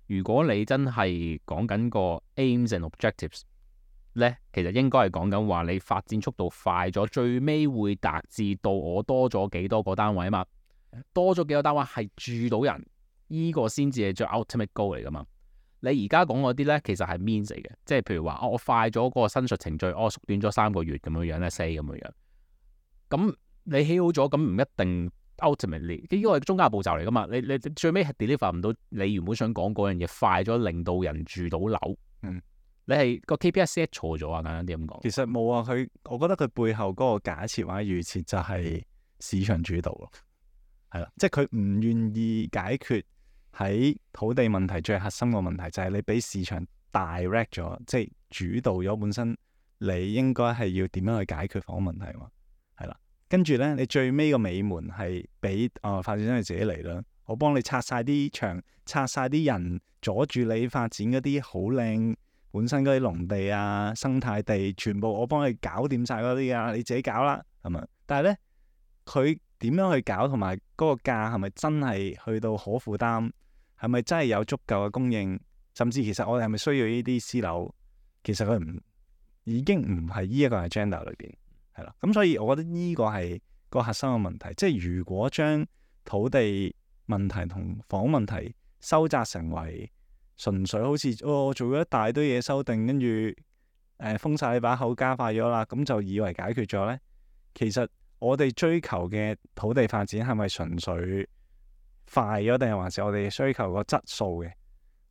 如果你真係講緊個 aims and objectives。咧，其實應該係講緊話你發展速度快咗，最尾會達至到我多咗幾多個單位啊嘛，多咗幾多單位係住到人，依、這個先至係最 ultimate goal 嚟噶嘛。你而家講嗰啲咧，其實係 means 嚟嘅，即係譬如話、啊、我快咗嗰個申述程序，啊、我縮短咗三個月咁樣樣咧，say 咁樣樣。咁、嗯、你起好咗，咁唔一定 ultimately 呢？呢個係中間步驟嚟噶嘛。你你最尾係 deliver 唔到你原本想講嗰樣嘢，快咗令到人住到樓，嗯。你係個 KPI set 錯咗啊？簡單啲咁講，其實冇啊。佢，我覺得佢背後嗰個假設或者預設就係市場主導咯，係啦。即係佢唔願意解決喺土地問題最核心個問題，就係你俾市場 direct 咗，即係主導咗本身你應該係要點樣去解決房屋問題嘛？係啦。跟住咧，你最尾個尾門係俾啊發展商自己嚟啦。我幫你拆晒啲牆，拆晒啲人阻住你發展嗰啲好靚。本身嗰啲農地啊、生態地，全部我幫佢搞掂晒。嗰啲啊，你自己搞啦，係咪？但係咧，佢點樣去搞同埋嗰個價係咪真係去到可負擔？係咪真係有足夠嘅供應？甚至其實我哋係咪需要呢啲私樓？其實佢唔已經唔係呢一個 agenda 裏邊，係啦。咁所以我覺得呢個係個核心嘅問題，即係如果將土地問題同房屋問題收窄成為。純粹好似、哦、我做咗一大堆嘢修訂，跟住誒封晒你把口，加快咗啦，咁就以為解決咗呢？其實我哋追求嘅土地發展係咪純粹快咗，定係還是我哋追求個質素嘅？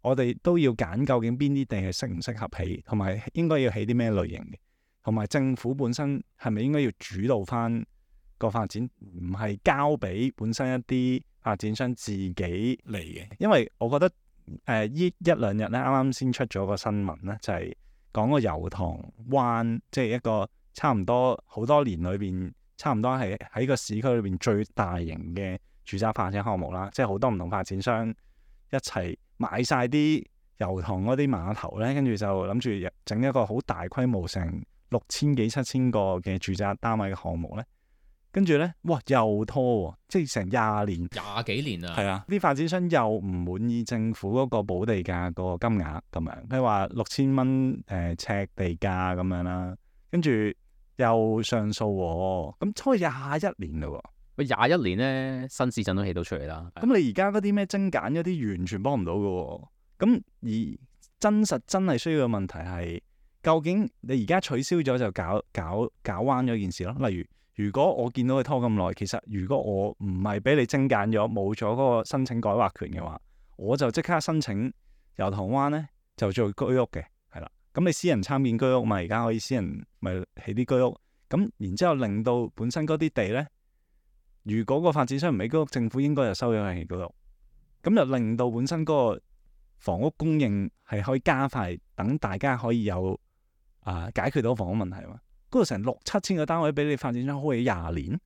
我哋都要揀究，究竟邊啲地係適唔適合起，同埋應該要起啲咩類型嘅，同埋政府本身係咪應該要主導返個發展，唔係交俾本身一啲發展商自己嚟嘅？因為我覺得。誒，呢一兩日咧，啱啱先出咗個新聞咧，就係講個油塘灣，即係一個差唔多好多年裏邊，差唔多係喺個市區裏邊最大型嘅住宅發展項目啦，即係好多唔同發展商一齊買晒啲油塘嗰啲碼頭咧，跟住就諗住整一個好大規模，成六千幾七千個嘅住宅單位嘅項目咧。跟住咧，哇，又拖，即係成廿年，廿幾年啦。係啊，啲發展商又唔滿意政府嗰個補地價個金額咁樣，佢話六千蚊誒尺地價咁樣啦。跟住又上訴，咁拖廿一年嘞。喂，廿一年咧，新市鎮都起到出嚟啦。咁、嗯、是的 你而家嗰啲咩精簡嗰啲，完全幫唔到噶。咁、嗯、而真實真係需要嘅問題係，究竟你而家取消咗就搞搞搞彎咗件事咯？例如。如果我見到佢拖咁耐，其實如果我唔係俾你精簡咗，冇咗嗰個申請改劃權嘅話，我就即刻申請油塘灣咧就做居屋嘅，係啦。咁你私人參建居屋咪，而家可以私人咪起啲居屋，咁然之後令到本身嗰啲地咧，如果個發展商唔起居屋，政府應該就收咗佢起居屋，咁就令到本身嗰個房屋供應係可以加快，等大家可以有啊解決到房屋問題嘛。嗰度成六七千個單位俾你發展咗好幾廿年，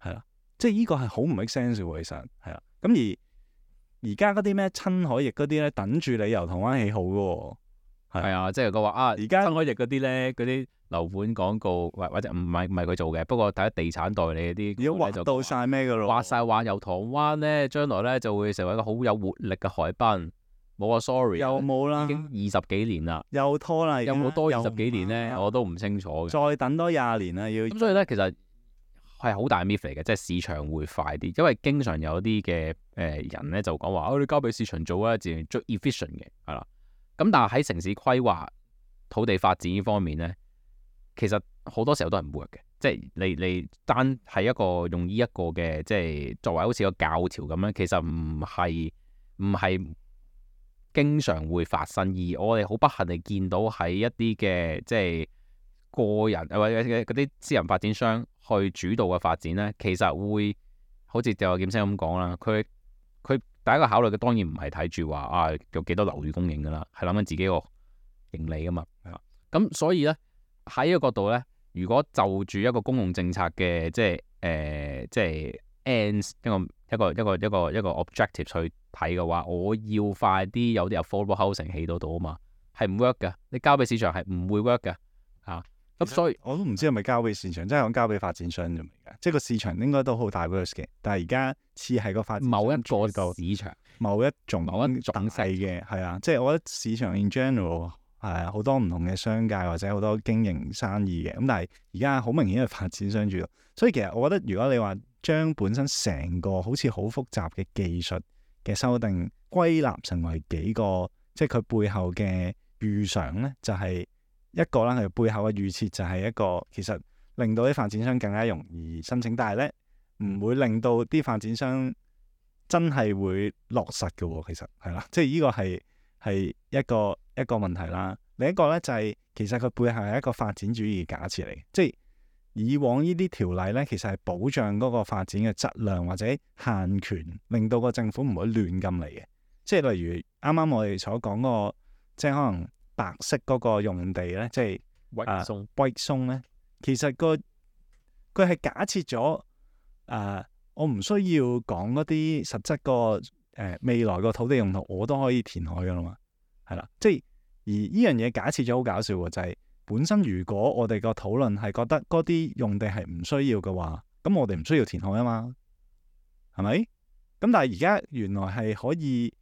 係啦，即係呢個係好唔 make sense 喎。其實係啦，咁而而家嗰啲咩親海翼嗰啲咧，等住你油塘灣起好嘅喎，係、就是、啊，即係佢話啊，而家親海翼嗰啲咧，嗰啲樓盤廣告或或者唔係唔係佢做嘅，不過睇下地產代理嗰啲，而家就話到晒咩嘅咯，話晒話油塘灣咧，將來咧就會成為一個好有活力嘅海濱。冇啊，sorry，又冇啦，已經二十幾年啦，又拖啦，啊，有冇多二十幾年咧？啊、我都唔清楚，再等多廿年啦，要咁所以咧，其實係好大嘅 misfit 嘅，即係市場會快啲，因為經常有啲嘅誒人咧就講話，我哋、嗯啊、交俾市場做啊，自然最 efficient 嘅係啦。咁但係喺城市規劃、土地發展呢方面咧，其實好多時候都係唔 work 嘅，即係你你單係一個用呢一個嘅，即係作為好似個教條咁咧，其實唔係唔係。經常會發生，而我哋好不幸地見到喺一啲嘅即係個人誒或者嗰啲私人發展商去主導嘅發展呢，其實會好似就劍聲咁講啦。佢佢第一個考慮嘅當然唔係睇住話啊有幾多樓宇供應噶啦，係諗緊自己個盈利噶嘛。係咁所以呢，喺呢個角度呢，如果就住一個公共政策嘅即係誒、呃、即係 ends 一個。一個一個一個一個 objective 去睇嘅話，我要快啲有啲有 affordable housing 起到啊嘛，係唔 work 嘅。你交俾市場係唔會 work 嘅嚇。咁、啊、其實 所以我都唔知係咪交俾市場，即係我交俾發展商啫，即係個市場應該都好大嘅，但係而家似係個發展某一個市場，某一種某一種等細嘅係啊。即係、就是、我覺得市場 in general 係啊，好多唔同嘅商界或者好多經營生意嘅咁，但係而家好明顯係發展商住咯。所以其實我覺得如果你話，將本身成個好似好複雜嘅技術嘅修訂歸納成為幾個，即係佢背後嘅預想呢，就係一個啦，佢背後嘅預設就係一個，其實令到啲發展商更加容易申請，但係呢唔會令到啲發展商真係會落實嘅，其實係啦，即係呢個係係一個一個問題啦。另一個呢，就係、是、其實佢背後係一個發展主義嘅假設嚟嘅，即係。以往條呢啲條例咧，其實係保障嗰個發展嘅質量或者限權，令到個政府唔會亂咁嚟嘅。即係例如啱啱我哋所講、嗰個，即係可能白色嗰個用地咧，即係白松、白松咧，其實個佢係假設咗誒，我唔需要講嗰啲實質個誒、呃、未來個土地用途，我都可以填海噶啦嘛。係啦，即係而呢樣嘢假設咗好搞笑喎，就係、是。本身如果我哋個討論係覺得嗰啲用地係唔需要嘅話，咁我哋唔需要填海啊嘛，係咪？咁但係而家原來係可以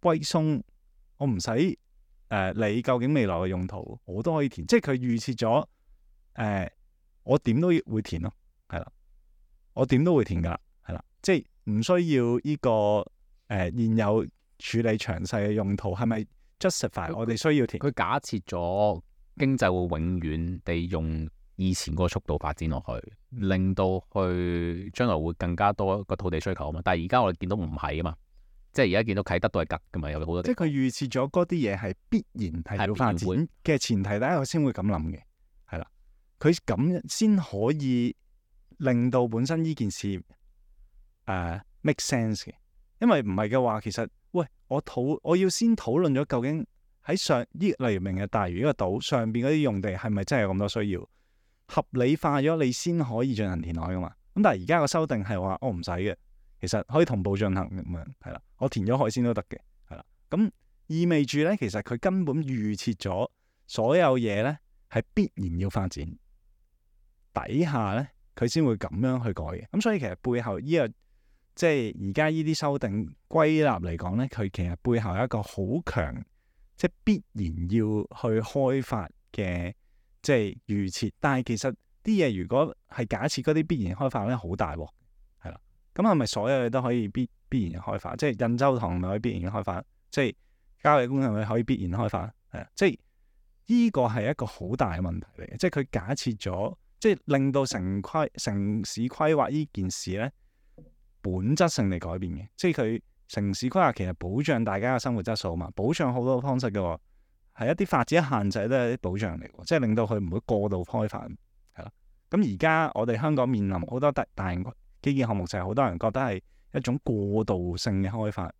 歸鬆，我唔使誒，你、呃、究竟未來嘅用途，我都可以填，即係佢預設咗誒，我點都會填咯，係啦，我點都會填噶啦，係啦，即係唔需要呢、這個誒、呃、現有處理詳細嘅用途係咪 justify 我哋需要填？佢假設咗。經濟會永遠地用以前嗰個速度發展落去，令到去將來會更加多一個土地需求啊嘛。但係而家我哋見到唔係啊嘛，即係而家見到啟德都係吉噶嘛，有好多地方即係佢預設咗嗰啲嘢係必然係會發展嘅前提底下，我先會咁諗嘅，係啦，佢咁先可以令到本身呢件事誒、uh, make sense 嘅，因為唔係嘅話，其實喂，我討我要先討論咗究竟，喺上，啲例如明日大嶼呢個島上邊嗰啲用地係咪真係有咁多需要？合理化咗，你先可以進行填海㗎嘛？咁但係而家個修訂係話我唔使嘅，其實可以同步進行咁樣係啦。我填咗海先都得嘅，係啦。咁、嗯、意味住咧，其實佢根本預設咗所有嘢咧係必然要發展底下咧，佢先會咁樣去改嘅。咁、嗯、所以其實背後呢、這、日、個、即係而家呢啲修訂歸納嚟講咧，佢其實背後有一個好強。即係必然要去開發嘅，即係預設。但係其實啲嘢如果係假設嗰啲必然開發咧，好大鑊，係啦。咁係咪所有嘢都可以必必然開發？即係印洲塘咪可以必然開發？即係郊野公園係咪可以必然開發？係啊，即係依個係一個好大嘅問題嚟嘅。即係佢假設咗，即係令到城規城市規劃依件事咧，本質性嚟改變嘅。即係佢。城市規劃其實保障大家嘅生活質素嘛，保障好多方式嘅喎、哦，係一啲發展限制都係一啲保障嚟、哦，即係令到佢唔會過度開發，係啦。咁而家我哋香港面臨好多大大型基建項目，就係好多人覺得係一種過度性嘅開發。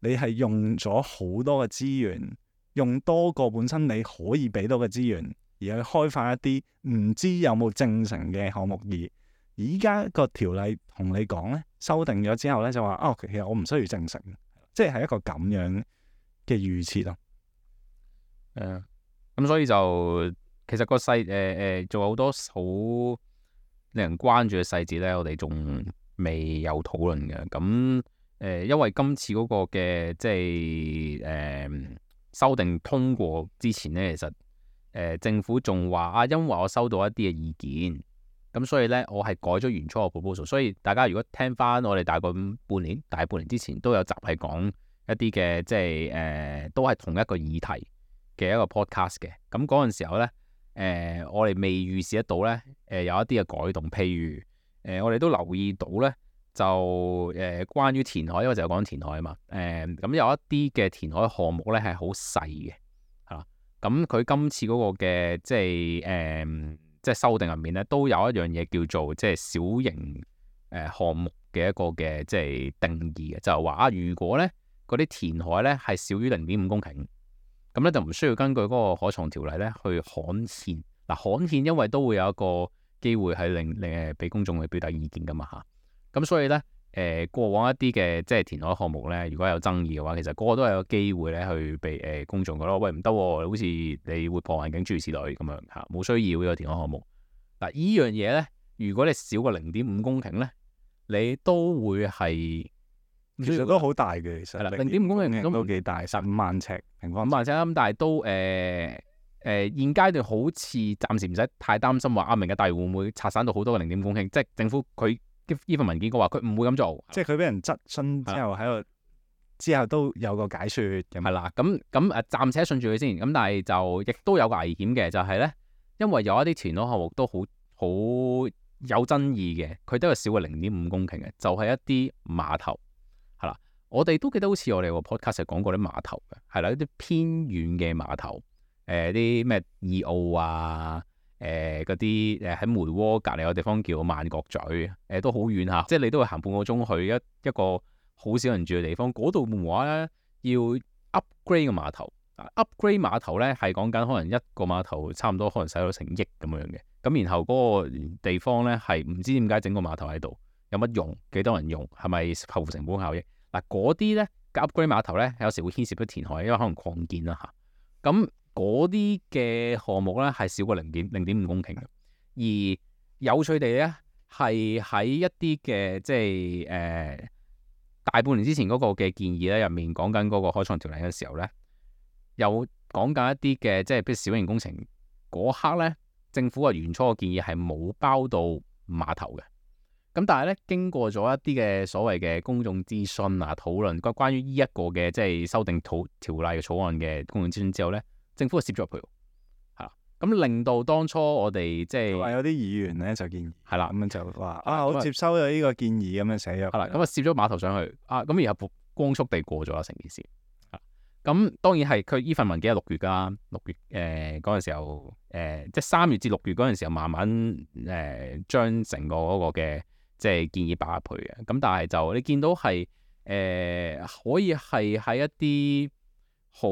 你係用咗好多嘅資源，用多過本身你可以俾到嘅資源，而去開發一啲唔知有冇正成嘅項目而。而依家個條例同你講咧，修訂咗之後咧，就話哦，其實我唔需要證成，即係一個咁樣嘅預設啊。係咁、嗯、所以就其實個細誒誒，仲有、呃、好多好令人關注嘅細節咧，我哋仲未有討論嘅。咁誒、呃，因為今次嗰個嘅即係誒、呃、修訂通過之前咧，其實誒、呃、政府仲話啊，因為我收到一啲嘅意見。咁所以呢，我係改咗原初嘅 proposal，所以大家如果聽翻我哋大概半年、大半年之前都有集係講一啲嘅，即係誒、呃、都係同一個議題嘅一個 podcast 嘅。咁嗰陣時候呢，誒、呃、我哋未預視得到呢誒、呃、有一啲嘅改動，譬如誒、呃、我哋都留意到呢，就誒、呃、關於填海，因為就講填海啊嘛，誒、呃、咁有一啲嘅填海項目呢係好細嘅，嚇。咁佢今次嗰個嘅即係誒。呃即係修訂入面咧，都有一樣嘢叫做即係小型誒項目嘅一個嘅即係定義嘅，就係話啊，如果咧嗰啲填海咧係少於零點五公頃，咁咧就唔需要根據嗰個海床條例咧去刊憲。嗱，刊憲因為都會有一個機會係令令誒俾公眾去表達意見噶嘛嚇，咁所以咧。誒過往一啲嘅即係填海項目咧，如果有爭議嘅話，其實個個都係有機會咧去被誒、呃、公眾覺得喂唔得，好、哦、似你會破環境諸如此類咁樣嚇，冇需要呢個填海項,項目。嗱依樣嘢咧，如果你少過零點五公頃咧，你都會係其實都好大嘅，其實零點五公頃都幾大，十五萬尺平方，十五萬尺咁，但係都誒誒、呃呃呃、現階段好似暫時唔使太擔心話阿、啊、明日大嶼會唔會拆散,散到好多嘅零點五公頃，即、就、係、是、政府佢。呢份文件，佢話佢唔會咁做，即係佢俾人質詢之後喺度的，之後都有個解說。係啦，咁咁誒，暫且順住佢先。咁但係就亦都有個危險嘅，就係、是、咧，因為有一啲填海項目都好好有爭議嘅，佢都係少過零點五公頃嘅，就係、是、一啲碼頭係啦。我哋都記得好似我哋個 podcast 講過啲碼頭嘅，係啦，一啲偏遠嘅碼頭，誒、呃，啲咩二澳啊。誒嗰啲誒喺梅窩隔離嘅地方叫萬角咀，誒、呃、都好遠嚇，即係你都會行半個鐘去一一個好少人住嘅地方。嗰度門話咧要 upgrade 個碼頭，upgrade 碼頭咧係講緊可能一個碼頭差唔多可能使到成億咁樣嘅。咁然後嗰個地方咧係唔知點解整個碼頭喺度，有乜用？幾多人用？係咪符合成本效益？嗱，嗰啲咧 upgrade 碼頭咧有時會牽涉到填海，因為可能擴建啦、啊、嚇。咁。嗰啲嘅項目咧係少過零點零點五公頃嘅，而有趣地咧係喺一啲嘅即係誒、呃、大半年之前嗰個嘅建議咧入面講緊嗰個開創條例嘅時候咧，有講緊一啲嘅即係譬如小型工程嗰刻咧，政府嘅原初嘅建議係冇包到碼頭嘅。咁但係咧經過咗一啲嘅所謂嘅公眾諮詢啊討論關關於呢一個嘅即係修訂條條例嘅草案嘅公眾諮詢之後咧。政府係攝咗入去，嚇咁令到當初我哋即係有啲議員咧就建議，係啦咁樣就話啊，的我接收咗呢個建議咁樣寫咗，係啦咁啊，攝咗碼頭上去啊，咁然後光速地過咗成件事，咁當然係佢呢份文件係六月噶六月誒嗰陣時候誒、呃，即係三月至六月嗰陣時候慢慢誒、呃、將成個嗰個嘅即係建議擺入去嘅，咁但係就你見到係誒、呃、可以係喺一啲好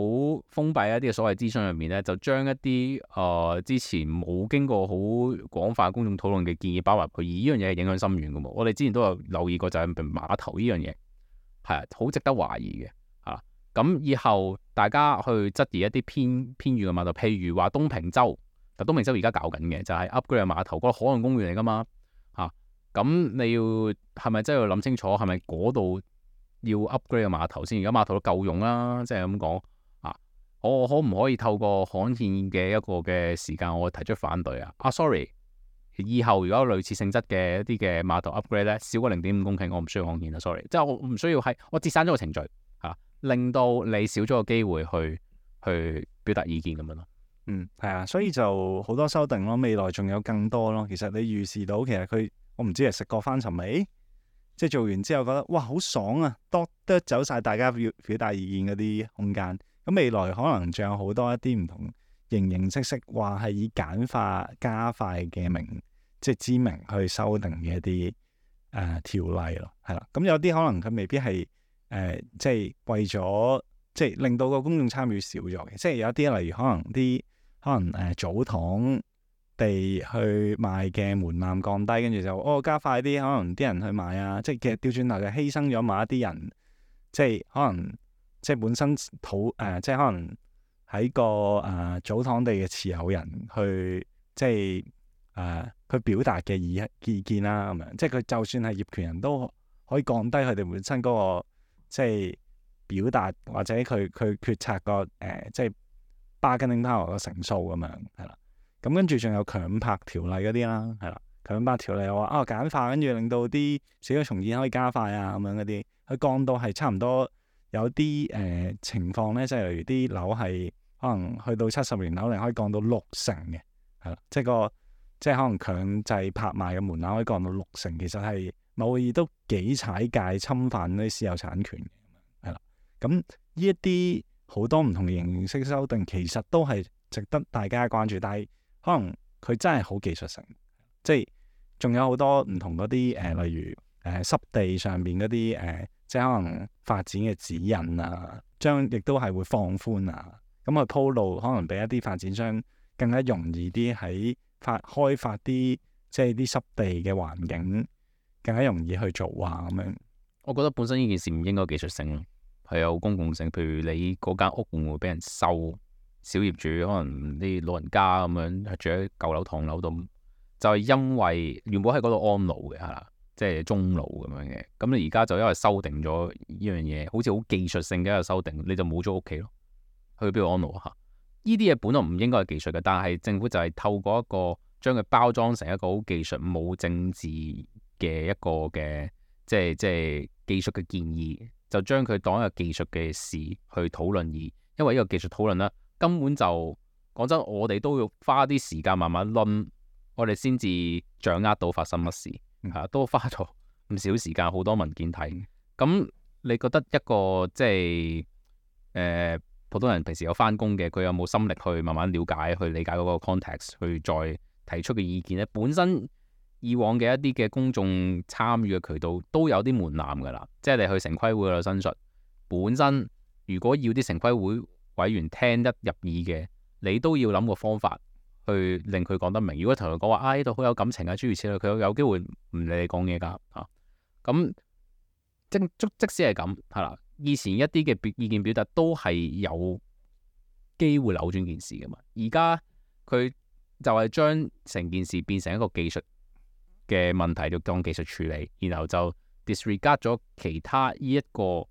封閉一啲嘅所謂諮詢入面咧，就將一啲誒、呃、之前冇經過好廣泛公眾討論嘅建議包入佢。而呢樣嘢係影響深遠嘅嘛。我哋之前都有留意過，就係碼頭呢樣嘢係啊，好值得懷疑嘅嚇。咁以後大家去質疑一啲偏偏遠嘅碼頭，譬如話東平洲，東平洲而家搞緊嘅就係、是、upgrade 碼頭，嗰個海岸公園嚟㗎嘛嚇。咁你要係咪真係要諗清楚係咪嗰度要 upgrade 個碼頭先？而家碼頭都夠用啦，即係咁講。我可唔可以透過刊憲嘅一個嘅時間，我提出反對啊？啊，sorry，以後如果有類似性質嘅一啲嘅碼頭 upgrade 咧，少過零點五公頃，我唔需要刊憲啦，sorry。即係我唔需要係我節省咗個程序嚇、啊，令到你少咗個機會去去表達意見咁樣咯。嗯，係啊，所以就好多修訂咯，未來仲有更多咯。其實你預示到，其實佢我唔知係食過翻尋味，即係做完之後覺得哇好爽啊，多得走晒大家表表達意見嗰啲空間。咁未來可能仲有好多一啲唔同形形色色，話係以簡化加快嘅名，即係知名去修訂嘅一啲誒條例咯，係啦。咁、嗯、有啲可能佢未必係誒、呃，即係為咗即係令到個公眾參與少咗嘅。即係有啲例如可能啲可能誒祖、呃、堂地去賣嘅門檻降低，跟住就哦加快啲，可能啲人去買啊。即係其實調轉頭就犧牲咗某一啲人，即係可能。即係本身土誒、啊，即係可能喺個誒、啊、祖堂地嘅持有人去，即係誒、啊、去表達嘅意意見啦，咁樣即係佢就算係業權人都可以降低佢哋本身嗰、那個即係表達或者佢佢決策個誒、啊、即係巴金汀塔個成數，咁樣係啦。咁跟住仲有強拍條例嗰啲啦，係啦。強拍條例我話啊、哦、簡化，跟住令到啲社區重建可以加快啊咁、啊、樣嗰啲，佢降到係差唔多。有啲誒、呃、情況咧，即係例如啲樓係可能去到七十年樓齡，可以降到六成嘅，係啦，即係個即係可能強制拍賣嘅門檻可以降到六成，其實係某意都幾踩界侵犯啲私有產權嘅，係啦。咁一啲好多唔同嘅形式修訂，其實都係值得大家關注，但係可能佢真係好技術性，即係仲有好多唔同嗰啲誒，例如誒、呃、濕地上邊嗰啲誒。呃即係可能發展嘅指引啊，將亦都係會放寬啊，咁佢鋪路，可能俾一啲發展商更加容易啲喺發開發啲即係啲濕地嘅環境更加容易去做啊咁樣。我覺得本身呢件事唔應該有技術性，係有公共性。譬如你嗰間屋會唔會俾人收？小業主可能啲老人家咁樣住喺舊樓、唐樓度，就係因為原本喺嗰度安老嘅嚇。.即係中老咁樣嘅，咁你而家就因為修訂咗呢樣嘢，好似好技術性嘅一個修訂，你就冇咗屋企咯。去邊度安老？呢啲嘢本來唔應該係技術嘅，但係政府就係透過一個將佢包裝成一個好技術、冇政治嘅一個嘅，即係即係技術嘅建議，就將佢當一個技術嘅事去討論。而因為呢個技術討論啦，根本就講真，我哋都要花啲時間慢慢諗，我哋先至掌握到發生乜事。嚇，都花咗唔少時間，好多文件睇。咁你覺得一個即係誒、呃、普通人平時有返工嘅，佢有冇心力去慢慢了解、去理解嗰個 context，去再提出嘅意見呢？本身以往嘅一啲嘅公眾參與嘅渠道都有啲門檻㗎啦，即係你去城規會度申述。本身如果要啲城規會委員聽得入耳嘅，你都要諗個方法。去令佢講得明。如果同佢講話啊，呢度好有感情啊，諸如此類，佢有機會唔理你講嘢噶嚇。咁、啊、即即使係咁係啦，以前一啲嘅意見表達都係有機會扭轉件事噶嘛。而家佢就係將成件事變成一個技術嘅問題，就當技術處理，然後就 disregard 咗其他呢、這、一個誒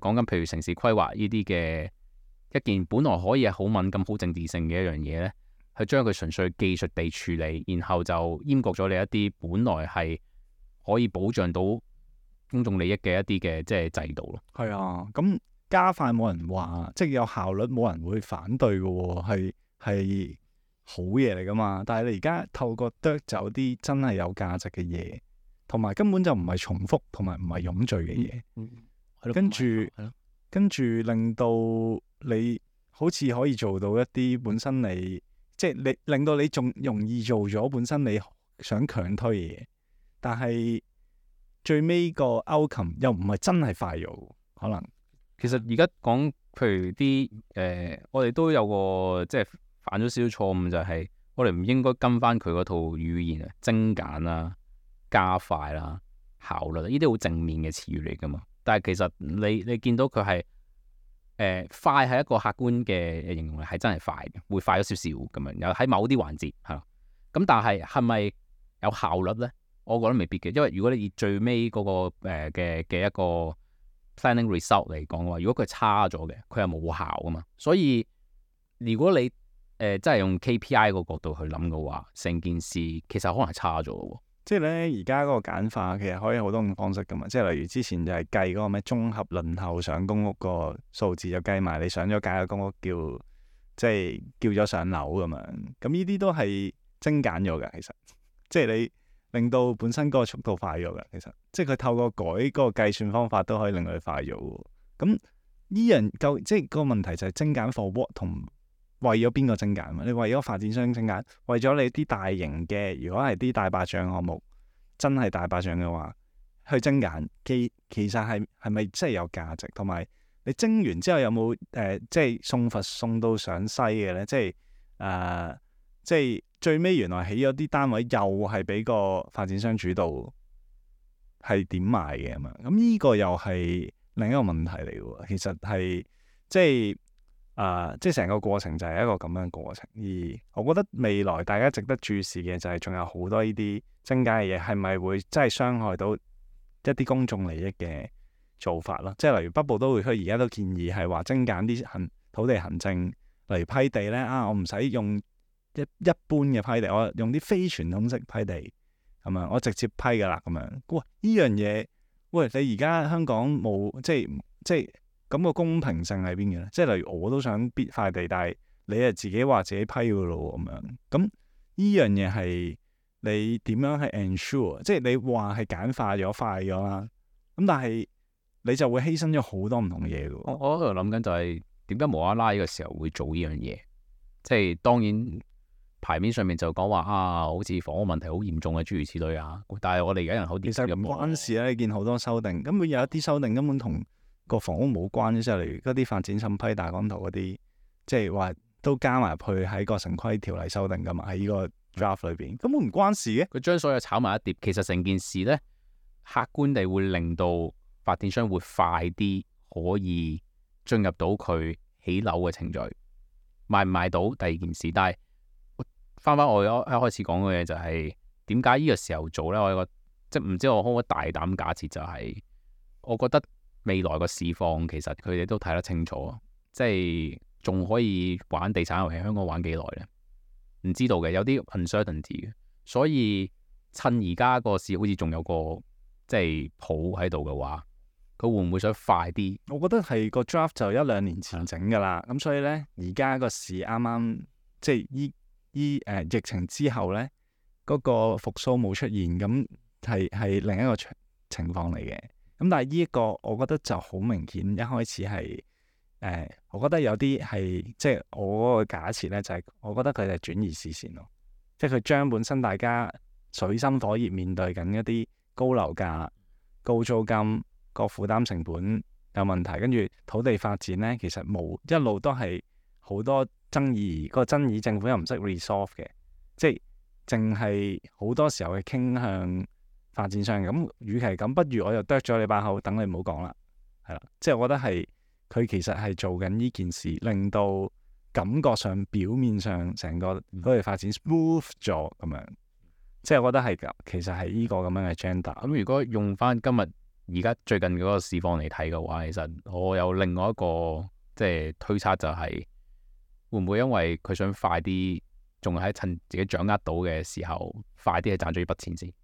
講緊，譬、呃、如城市規劃呢啲嘅一件，本來可以係好敏感、好政治性嘅一樣嘢咧。係將佢純粹技術地處理，然後就閹割咗你一啲本來係可以保障到公眾利益嘅一啲嘅即係制度咯。係啊，咁、嗯、加快冇人話，即係有效率，冇人會反對嘅、哦，係係好嘢嚟噶嘛。但係你而家透過 drop 走啲真係有價值嘅嘢，同埋根本就唔係重複，同埋唔係冗贅嘅嘢，跟住跟住令到你好似可以做到一啲本身你。即令到你仲容易做咗本身你想強推嘅嘢，但係最尾個 outcome 又唔係真係快咗，可能其實而家講譬如啲誒、呃，我哋都有個即係犯咗少少錯誤，就係、是、我哋唔應該跟翻佢嗰套語言精簡啦、啊、加快啦、啊、效率呢啲好正面嘅詞語嚟㗎嘛，但係其實你你見到佢係。誒、呃，快係一個客觀嘅形容嚟，係真係快嘅，會快咗少少咁樣。有喺某啲環節吓，咁但係係咪有效率呢？我覺得未必嘅，因為如果你以最尾嗰、那個誒嘅嘅一個 planning result 嚟講嘅話，如果佢差咗嘅，佢係冇效啊嘛。所以如果你誒、呃、真係用 KPI 嗰個角度去諗嘅話，成件事其實可能係差咗嘅。即係咧，而家嗰個簡化其實可以好多種方式噶嘛。即係例如之前就係計嗰個咩綜合輪候上公屋個數字，就計埋你上咗架嘅公屋叫，即係叫咗上樓咁樣。咁呢啲都係精簡咗嘅，其實。即係你令到本身嗰個速度快咗嘅，其實。即係佢透過改嗰個計算方法都可以令佢快咗喎。咁依樣夠，即係個問題就係精簡 for what 同。為咗邊個精簡？你為咗發展商精簡？為咗你啲大型嘅，如果係啲大白象項目，真係大白象嘅話，去精簡，其其實係係咪真係有價值？同埋你精完之後有冇誒，即係送佛送到上西嘅咧？即係誒、呃，即係最尾原來起咗啲單位又係俾個發展商主導，係點賣嘅嘛？咁、這、呢個又係另一個問題嚟嘅，其實係即係。啊、呃，即係成個過程就係一個咁樣嘅過程，而我覺得未來大家值得注視嘅就係仲有好多呢啲增減嘅嘢，係咪會真係傷害到一啲公眾利益嘅做法咯？即係例如北部都會區而家都建議係話精簡啲行土地行政嚟批地咧，啊，我唔使用，用一一般嘅批地，我用啲非傳統式批地，咁樣，我直接批㗎喇，咁樣哇，呢樣嘢喂，你而家香港冇即係即係。咁個公平性係邊嘅咧？即係例如我都想 bid 塊地，但係你係自己話自己批嘅咯，咁樣。咁依樣嘢係你點樣去 ensure？即係你話係簡化咗快咗啦。咁但係你就會犧牲咗好多唔同嘢嘅。我喺度諗緊就係點解無啦啦呢個時候會做呢樣嘢？即係當然牌面上面就講話啊，好似房屋問題好嚴重啊，諸如此類麼麼啊。但係我哋而家人口跌勢咁，關事咧？你見好多修訂，根本有一啲修訂根本同。個房屋冇關即係例如嗰啲發展審批大綱圖嗰啲，即係話都加埋入去喺個城規條例修訂噶嘛，喺呢個 draft 裏邊根本唔關事嘅。佢將所有炒埋一碟，其實成件事呢，客觀地會令到發展商會快啲可以進入到佢起樓嘅程序，賣唔賣到第二件事。但係翻翻我一開始講嘅嘢就係點解呢個時候做呢？我一個即唔知我可唔可以大膽假設、就係，就係我覺得。未來個市況其實佢哋都睇得清楚，即係仲可以玩地產遊戲，香港玩幾耐呢？唔知道嘅，有啲 uncertainty 嘅。所以趁而家個市好似仲有個即係好喺度嘅話，佢會唔會想快啲？我覺得係、個 draft 就一兩年前整噶啦，咁 所以呢，而家個市啱啱即係依依誒疫情之後呢，嗰、個復甦冇出現，咁係係另一個情情況嚟嘅。咁但係呢一個，我覺得就好明顯，一開始係誒、呃，我覺得有啲係，即係我嗰個假設呢，就係、是、我覺得佢哋轉移視線咯，即係佢將本身大家水深火熱面對緊一啲高樓價、高租金、個負擔成本有問題，跟住土地發展呢，其實冇一路都係好多爭議，嗰個爭議政府又唔識 resolve 嘅，即係淨係好多時候嘅傾向。發展上咁，與其咁，不如我又啄咗你把口，等你唔好講啦，係啦，即係我覺得係佢其實係做緊呢件事，令到感覺上、表面上成個都係發展 smooth 咗咁樣，即係我覺得係其實係呢個咁樣嘅 agenda。咁、嗯、如果用翻今日而家最近嗰個市況嚟睇嘅話，其實我有另外一個即係推測就係、是、會唔會因為佢想快啲，仲係趁自己掌握到嘅時候，快啲去賺咗呢筆錢先。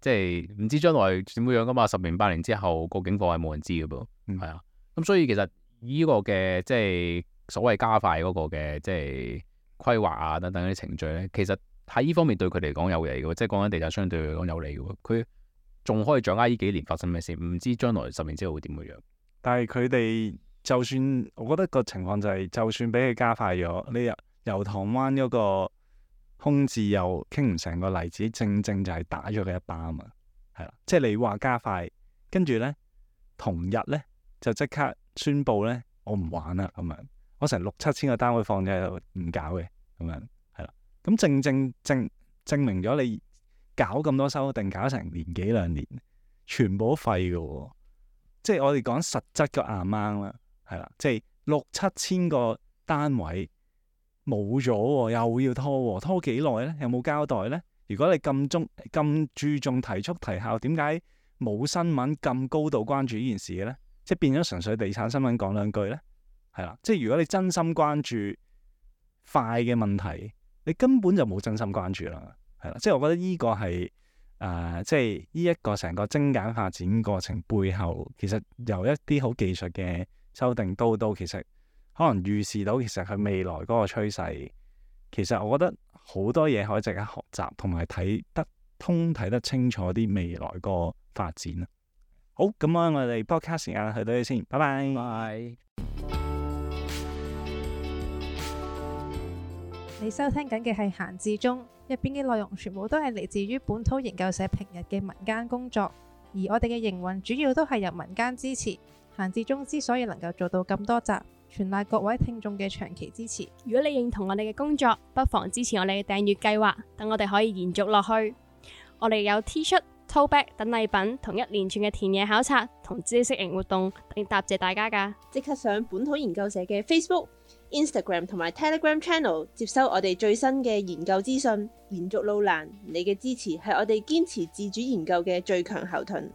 即係唔知將來點樣噶嘛，十年八年之後個情況係冇人知噶噃，係啊、嗯，咁、嗯、所以其實呢個嘅即係所謂加快嗰個嘅即係規劃啊等等啲程序咧，其實喺呢方面對佢哋嚟講有利嘅，即係講緊地產商對佢哋嚟講有利嘅，佢仲可以掌握呢幾年發生咩事，唔知將來十年之後會點樣。但係佢哋就算，我覺得個情況就係、是，就算俾佢加快咗，你由油塘灣嗰個。空置又傾唔成個例子，正正就係打咗佢一巴啊嘛，係啦，即係你話加快，跟住咧，同日咧就即刻宣佈咧，我唔玩啦咁樣，我成六七千個單位放咗喺度唔搞嘅，咁樣係啦，咁正正正證明咗你搞咁多修訂，搞成年幾兩年，全部都廢㗎喎，即係我哋講實質嘅阿掹啦，係啦，即係六七千個單位。冇咗、喎，又要拖、喎，拖幾耐呢？有冇交代呢？如果你咁中咁注重提速提效，點解冇新聞咁高度關注呢件事嘅呢？即係變咗純粹地產新聞講兩句呢？係啦。即係如果你真心關注快嘅問題，你根本就冇真心關注啦。係啦，即係我覺得呢個係誒、呃，即係呢一個成個精簡發展過程背後，其實由一啲好技術嘅修訂都都其實。可能預示到其實佢未來嗰個趨勢，其實我覺得好多嘢可以值得學習，同埋睇得通、睇得清楚啲未來個發展。好咁啊！我哋播卡時間去到呢先，拜拜。拜。Bye. 你收聽緊嘅係閒置中入邊嘅內容，全部都係嚟自於本土研究社平日嘅民間工作，而我哋嘅營運主要都係由民間支持。閒置中之所以能夠做到咁多集。全賴各位聽眾嘅長期支持。如果你認同我哋嘅工作，不妨支持我哋嘅訂閱計劃，等我哋可以延續落去。我哋有 T 恤、tote bag 等禮品，同一連串嘅田野考察同知識型活動，並答謝大家噶。即刻上本土研究社嘅 Facebook、Instagram 同埋 Telegram Channel，接收我哋最新嘅研究資訊。延續路難，你嘅支持係我哋堅持自主研究嘅最強後盾。